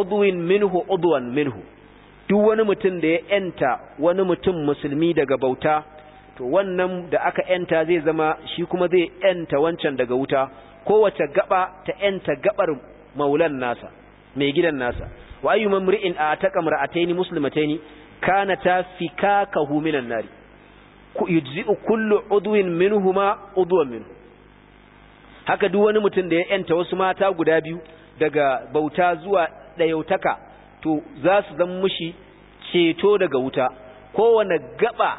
udwin minhu udwan minhu duk wani mutum da ya yanta wani mutum musulmi daga bauta to wannan da aka yanta zai zama shi kuma zai yanta wancan daga wuta kowace gaba ta yanta gabar maulan nasa mai gidan nasa wa ayyu mamri'in ataqam ra'ataini muslimataini kana tafikakahu minan nari yujzi'u kullu udwin minhuma udwan min haka duk wani mutum da ya yanta wasu mata guda biyu daga bauta zuwa dayautaka to za su zama mushi ceto daga wuta kowane gaba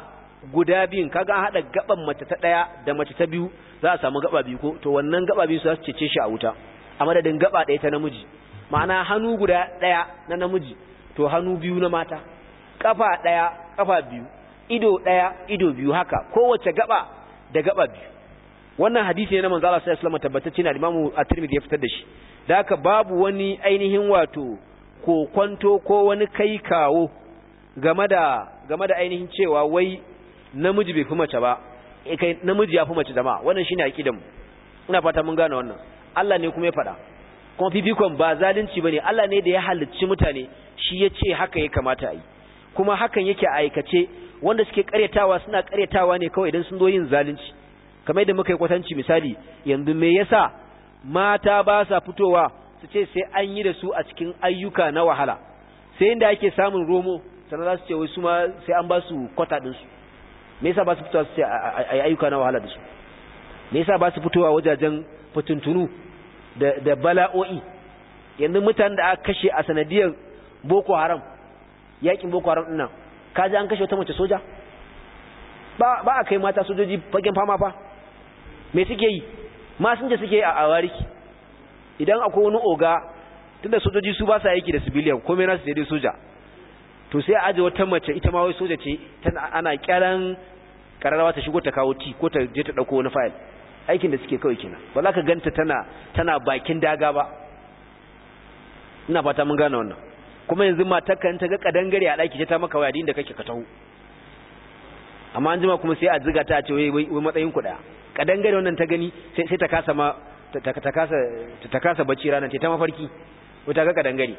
guda biyun kaga hada gaban mace ta daya da mace ta biyu za a samu gaba biyu ko to wannan gaba biyu za su cece shi a wuta a madadin gaba daya ta namiji ma'ana hannu guda daya na namiji to hannu biyu na mata kafa daya kafa biyu ido ɗaya ido biyu haka kowace gaba da gaba biyu wannan hadisi ne na manzo Allah sallallahu alaihi wasallam Imam At-Tirmidhi ya fitar da shi da haka babu wani ainihin wato ko kwanto ko wani kai kawo game da game da ainihin cewa wai namiji bai fi mace ba eh, kai namiji ya fi mace jama'a wannan shine aqidan ina fata mun gane wannan Allah ne kuma ya faɗa kuma fifikon ba zalunci bane Allah ne da ya halicci mutane shi ya ce haka ya kamata a yi kuma hakan yake aikace wanda suke karyatawa suna karyatawa ne kawai idan sun zo yin zalunci kamar yadda muka yi kwatanci misali yanzu me yasa mata ba sa fitowa su ce sai an yi da su a cikin ayyuka na wahala sai inda ake samun romo sannan za su ce wai su ma sai an ba su kwata su me yasa ba su fitowa su ce a ayyuka na wahala da su me yasa ba su fitowa wajajen fitintunu da bala'o'i yanzu mutanen da aka kashe a sanadiyar boko haram yakin boko haram ɗin ka ji an kashe wata mace soja ba a kai mata sojoji fagen fama fa mai suke yi masinja suke yi a awari idan akwai wani oga tunda sojoji su ba sa aiki da civilian komai nasu sai dai soja to sai a aji wata mace ita ma wai soja ce ana kyaran kararrawa ta shigo ta kawo ti ko ta je ta dauko wani fayil aikin da suke kawai kenan ba za ka ganta tana tana bakin daga ba ina fata mun gane wannan kuma yanzu matarka in ta ga kadangare a ɗaki ta maka waya da kake ka taho amma an jima kuma sai a ziga ta a ce wai matsayin kuɗa kadangare wannan ta gani sai ta kasa ma ta kasa bacci ranar ce ta mafarki ta ga kadangare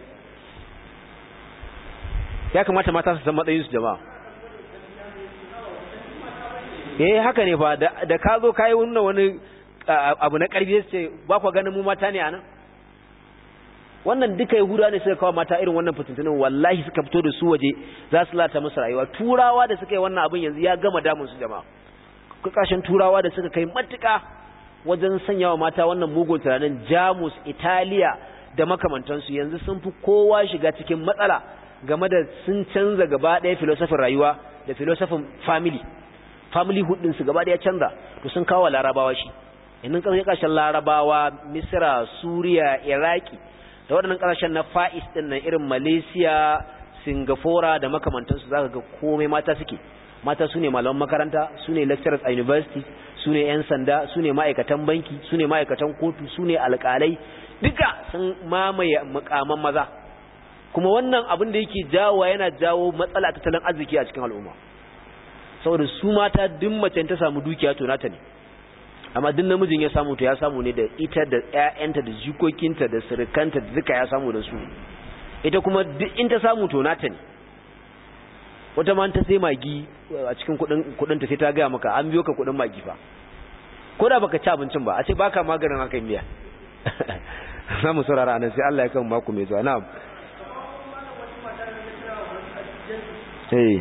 ya kamata mata su san matsayinsu jama'a eh haka ne fa da ka zo kayi wannan wani abu na ƙarfi sai ba ku ganin mu mata ne anan wannan duka yahuda ne suka kawo mata irin wannan fitintunin wallahi suka fito da su waje za su lata musu rayuwa turawa da suka yi wannan abin yanzu ya gama damun su jama'a kasashen turawa da suka kai matuka wajen sanya wa mata wannan mugun tunanin jamus italiya da makamantansu yanzu sun fi kowa shiga cikin matsala game da sun canza gaba ɗaya filosofin rayuwa da filosofin family family hudin su gaba ɗaya canza to sun kawo larabawa shi yanzu kan kasashen larabawa Misira, suriya iraki da waɗannan ƙasashen na fa'is ɗin nan irin malaysia singapore da makamantansu za ka ga komai mata suke mata su ne malaman makaranta su ne lecturers a university su ne 'yan sanda su ne ma'aikatan banki su ne ma'aikatan kotu su ne alƙalai duka sun mamaye mukaman maza kuma wannan abin da yake jawo yana jawo matsala tattalin arziki a cikin al'umma saboda su mata duk mace ta samu dukiya to nata ne amma duk namijin ya samu to ya samu ne da ita da ƴaƴanta da jikokinta da surukanta da duka ya samu da su ita kuma duk in ta samu to nata ne wata ma ta sai magi a cikin kudin kudin ta sai ta ga maka an biyo ka kudin magi fa ko da baka ci abincin ba a ce baka maganin haka miya za mu saurara anan sai Allah ya kan maku mai zuwa na'am eh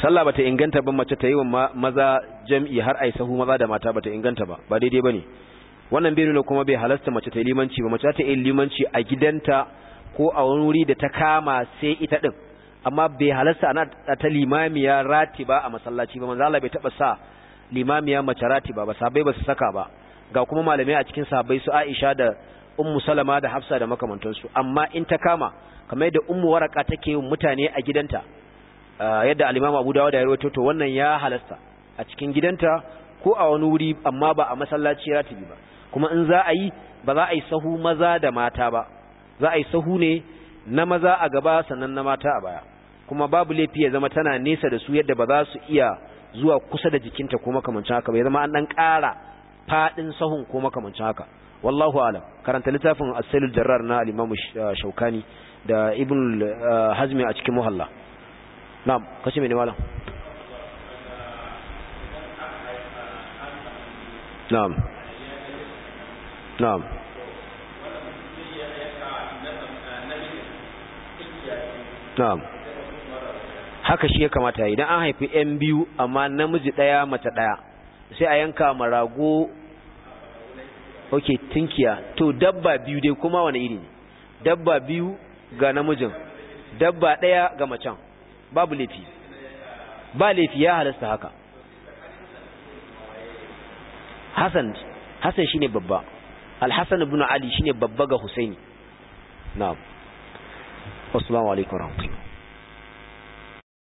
sallah bata inganta ba mace ta yi wa maza jam'i har a yi sahu maza da mata bata inganta ba ba daidai ba ne wannan bai nuna kuma bai halasta mace ta limanci ba mace ta yi limanci a gidanta ko a wani wuri da ta kama sai ita din amma bai halasta ana ta limamiya ratiba a masallaci ba maza bai taba sa limamiya mace ratiba ba sabai ba su saka ba ga kuma malamai a cikin sabai su Aisha da Ummu Salama da Hafsa da makamantansu amma in ta kama kamar yadda Ummu Waraka take mutane a gidanta ah, yadda al abu Abu da ya rawaito to wannan ya halasta a cikin gidanta ko a wani wuri amma ba a masallaci ratibi ba kuma in za a yi ba za a yi sahu maza da mata ba za a yi sahu ne na maza a gaba sannan na mata a baya kuma babu laifi ya zama tana nesa da su yadda ba za su iya zuwa kusa da jikinta ko makamancin haka ba ya zama an dan ƙara faɗin sahun ko makamancin haka wallahu alam karanta littafin as jarrar na al-imam shaukani da ibn eh, hazmi a cikin muhalla na'am kashi mai ne malam na'am na'am na'am haka shi ya kamata idan an haifi yan biyu amma namiji ɗaya mace ɗaya sai a yanka marago rago tinkiya to dabba biyu dai kuma wani iri ne dabba biyu ga namijin dabba ɗaya ga macen babu laifi ba laifi ya halasta haka Hassan Hassan shine babba Al-Hassan ibn Ali shine babba ga Husaini na'am assalamu alaikum warahmatullahi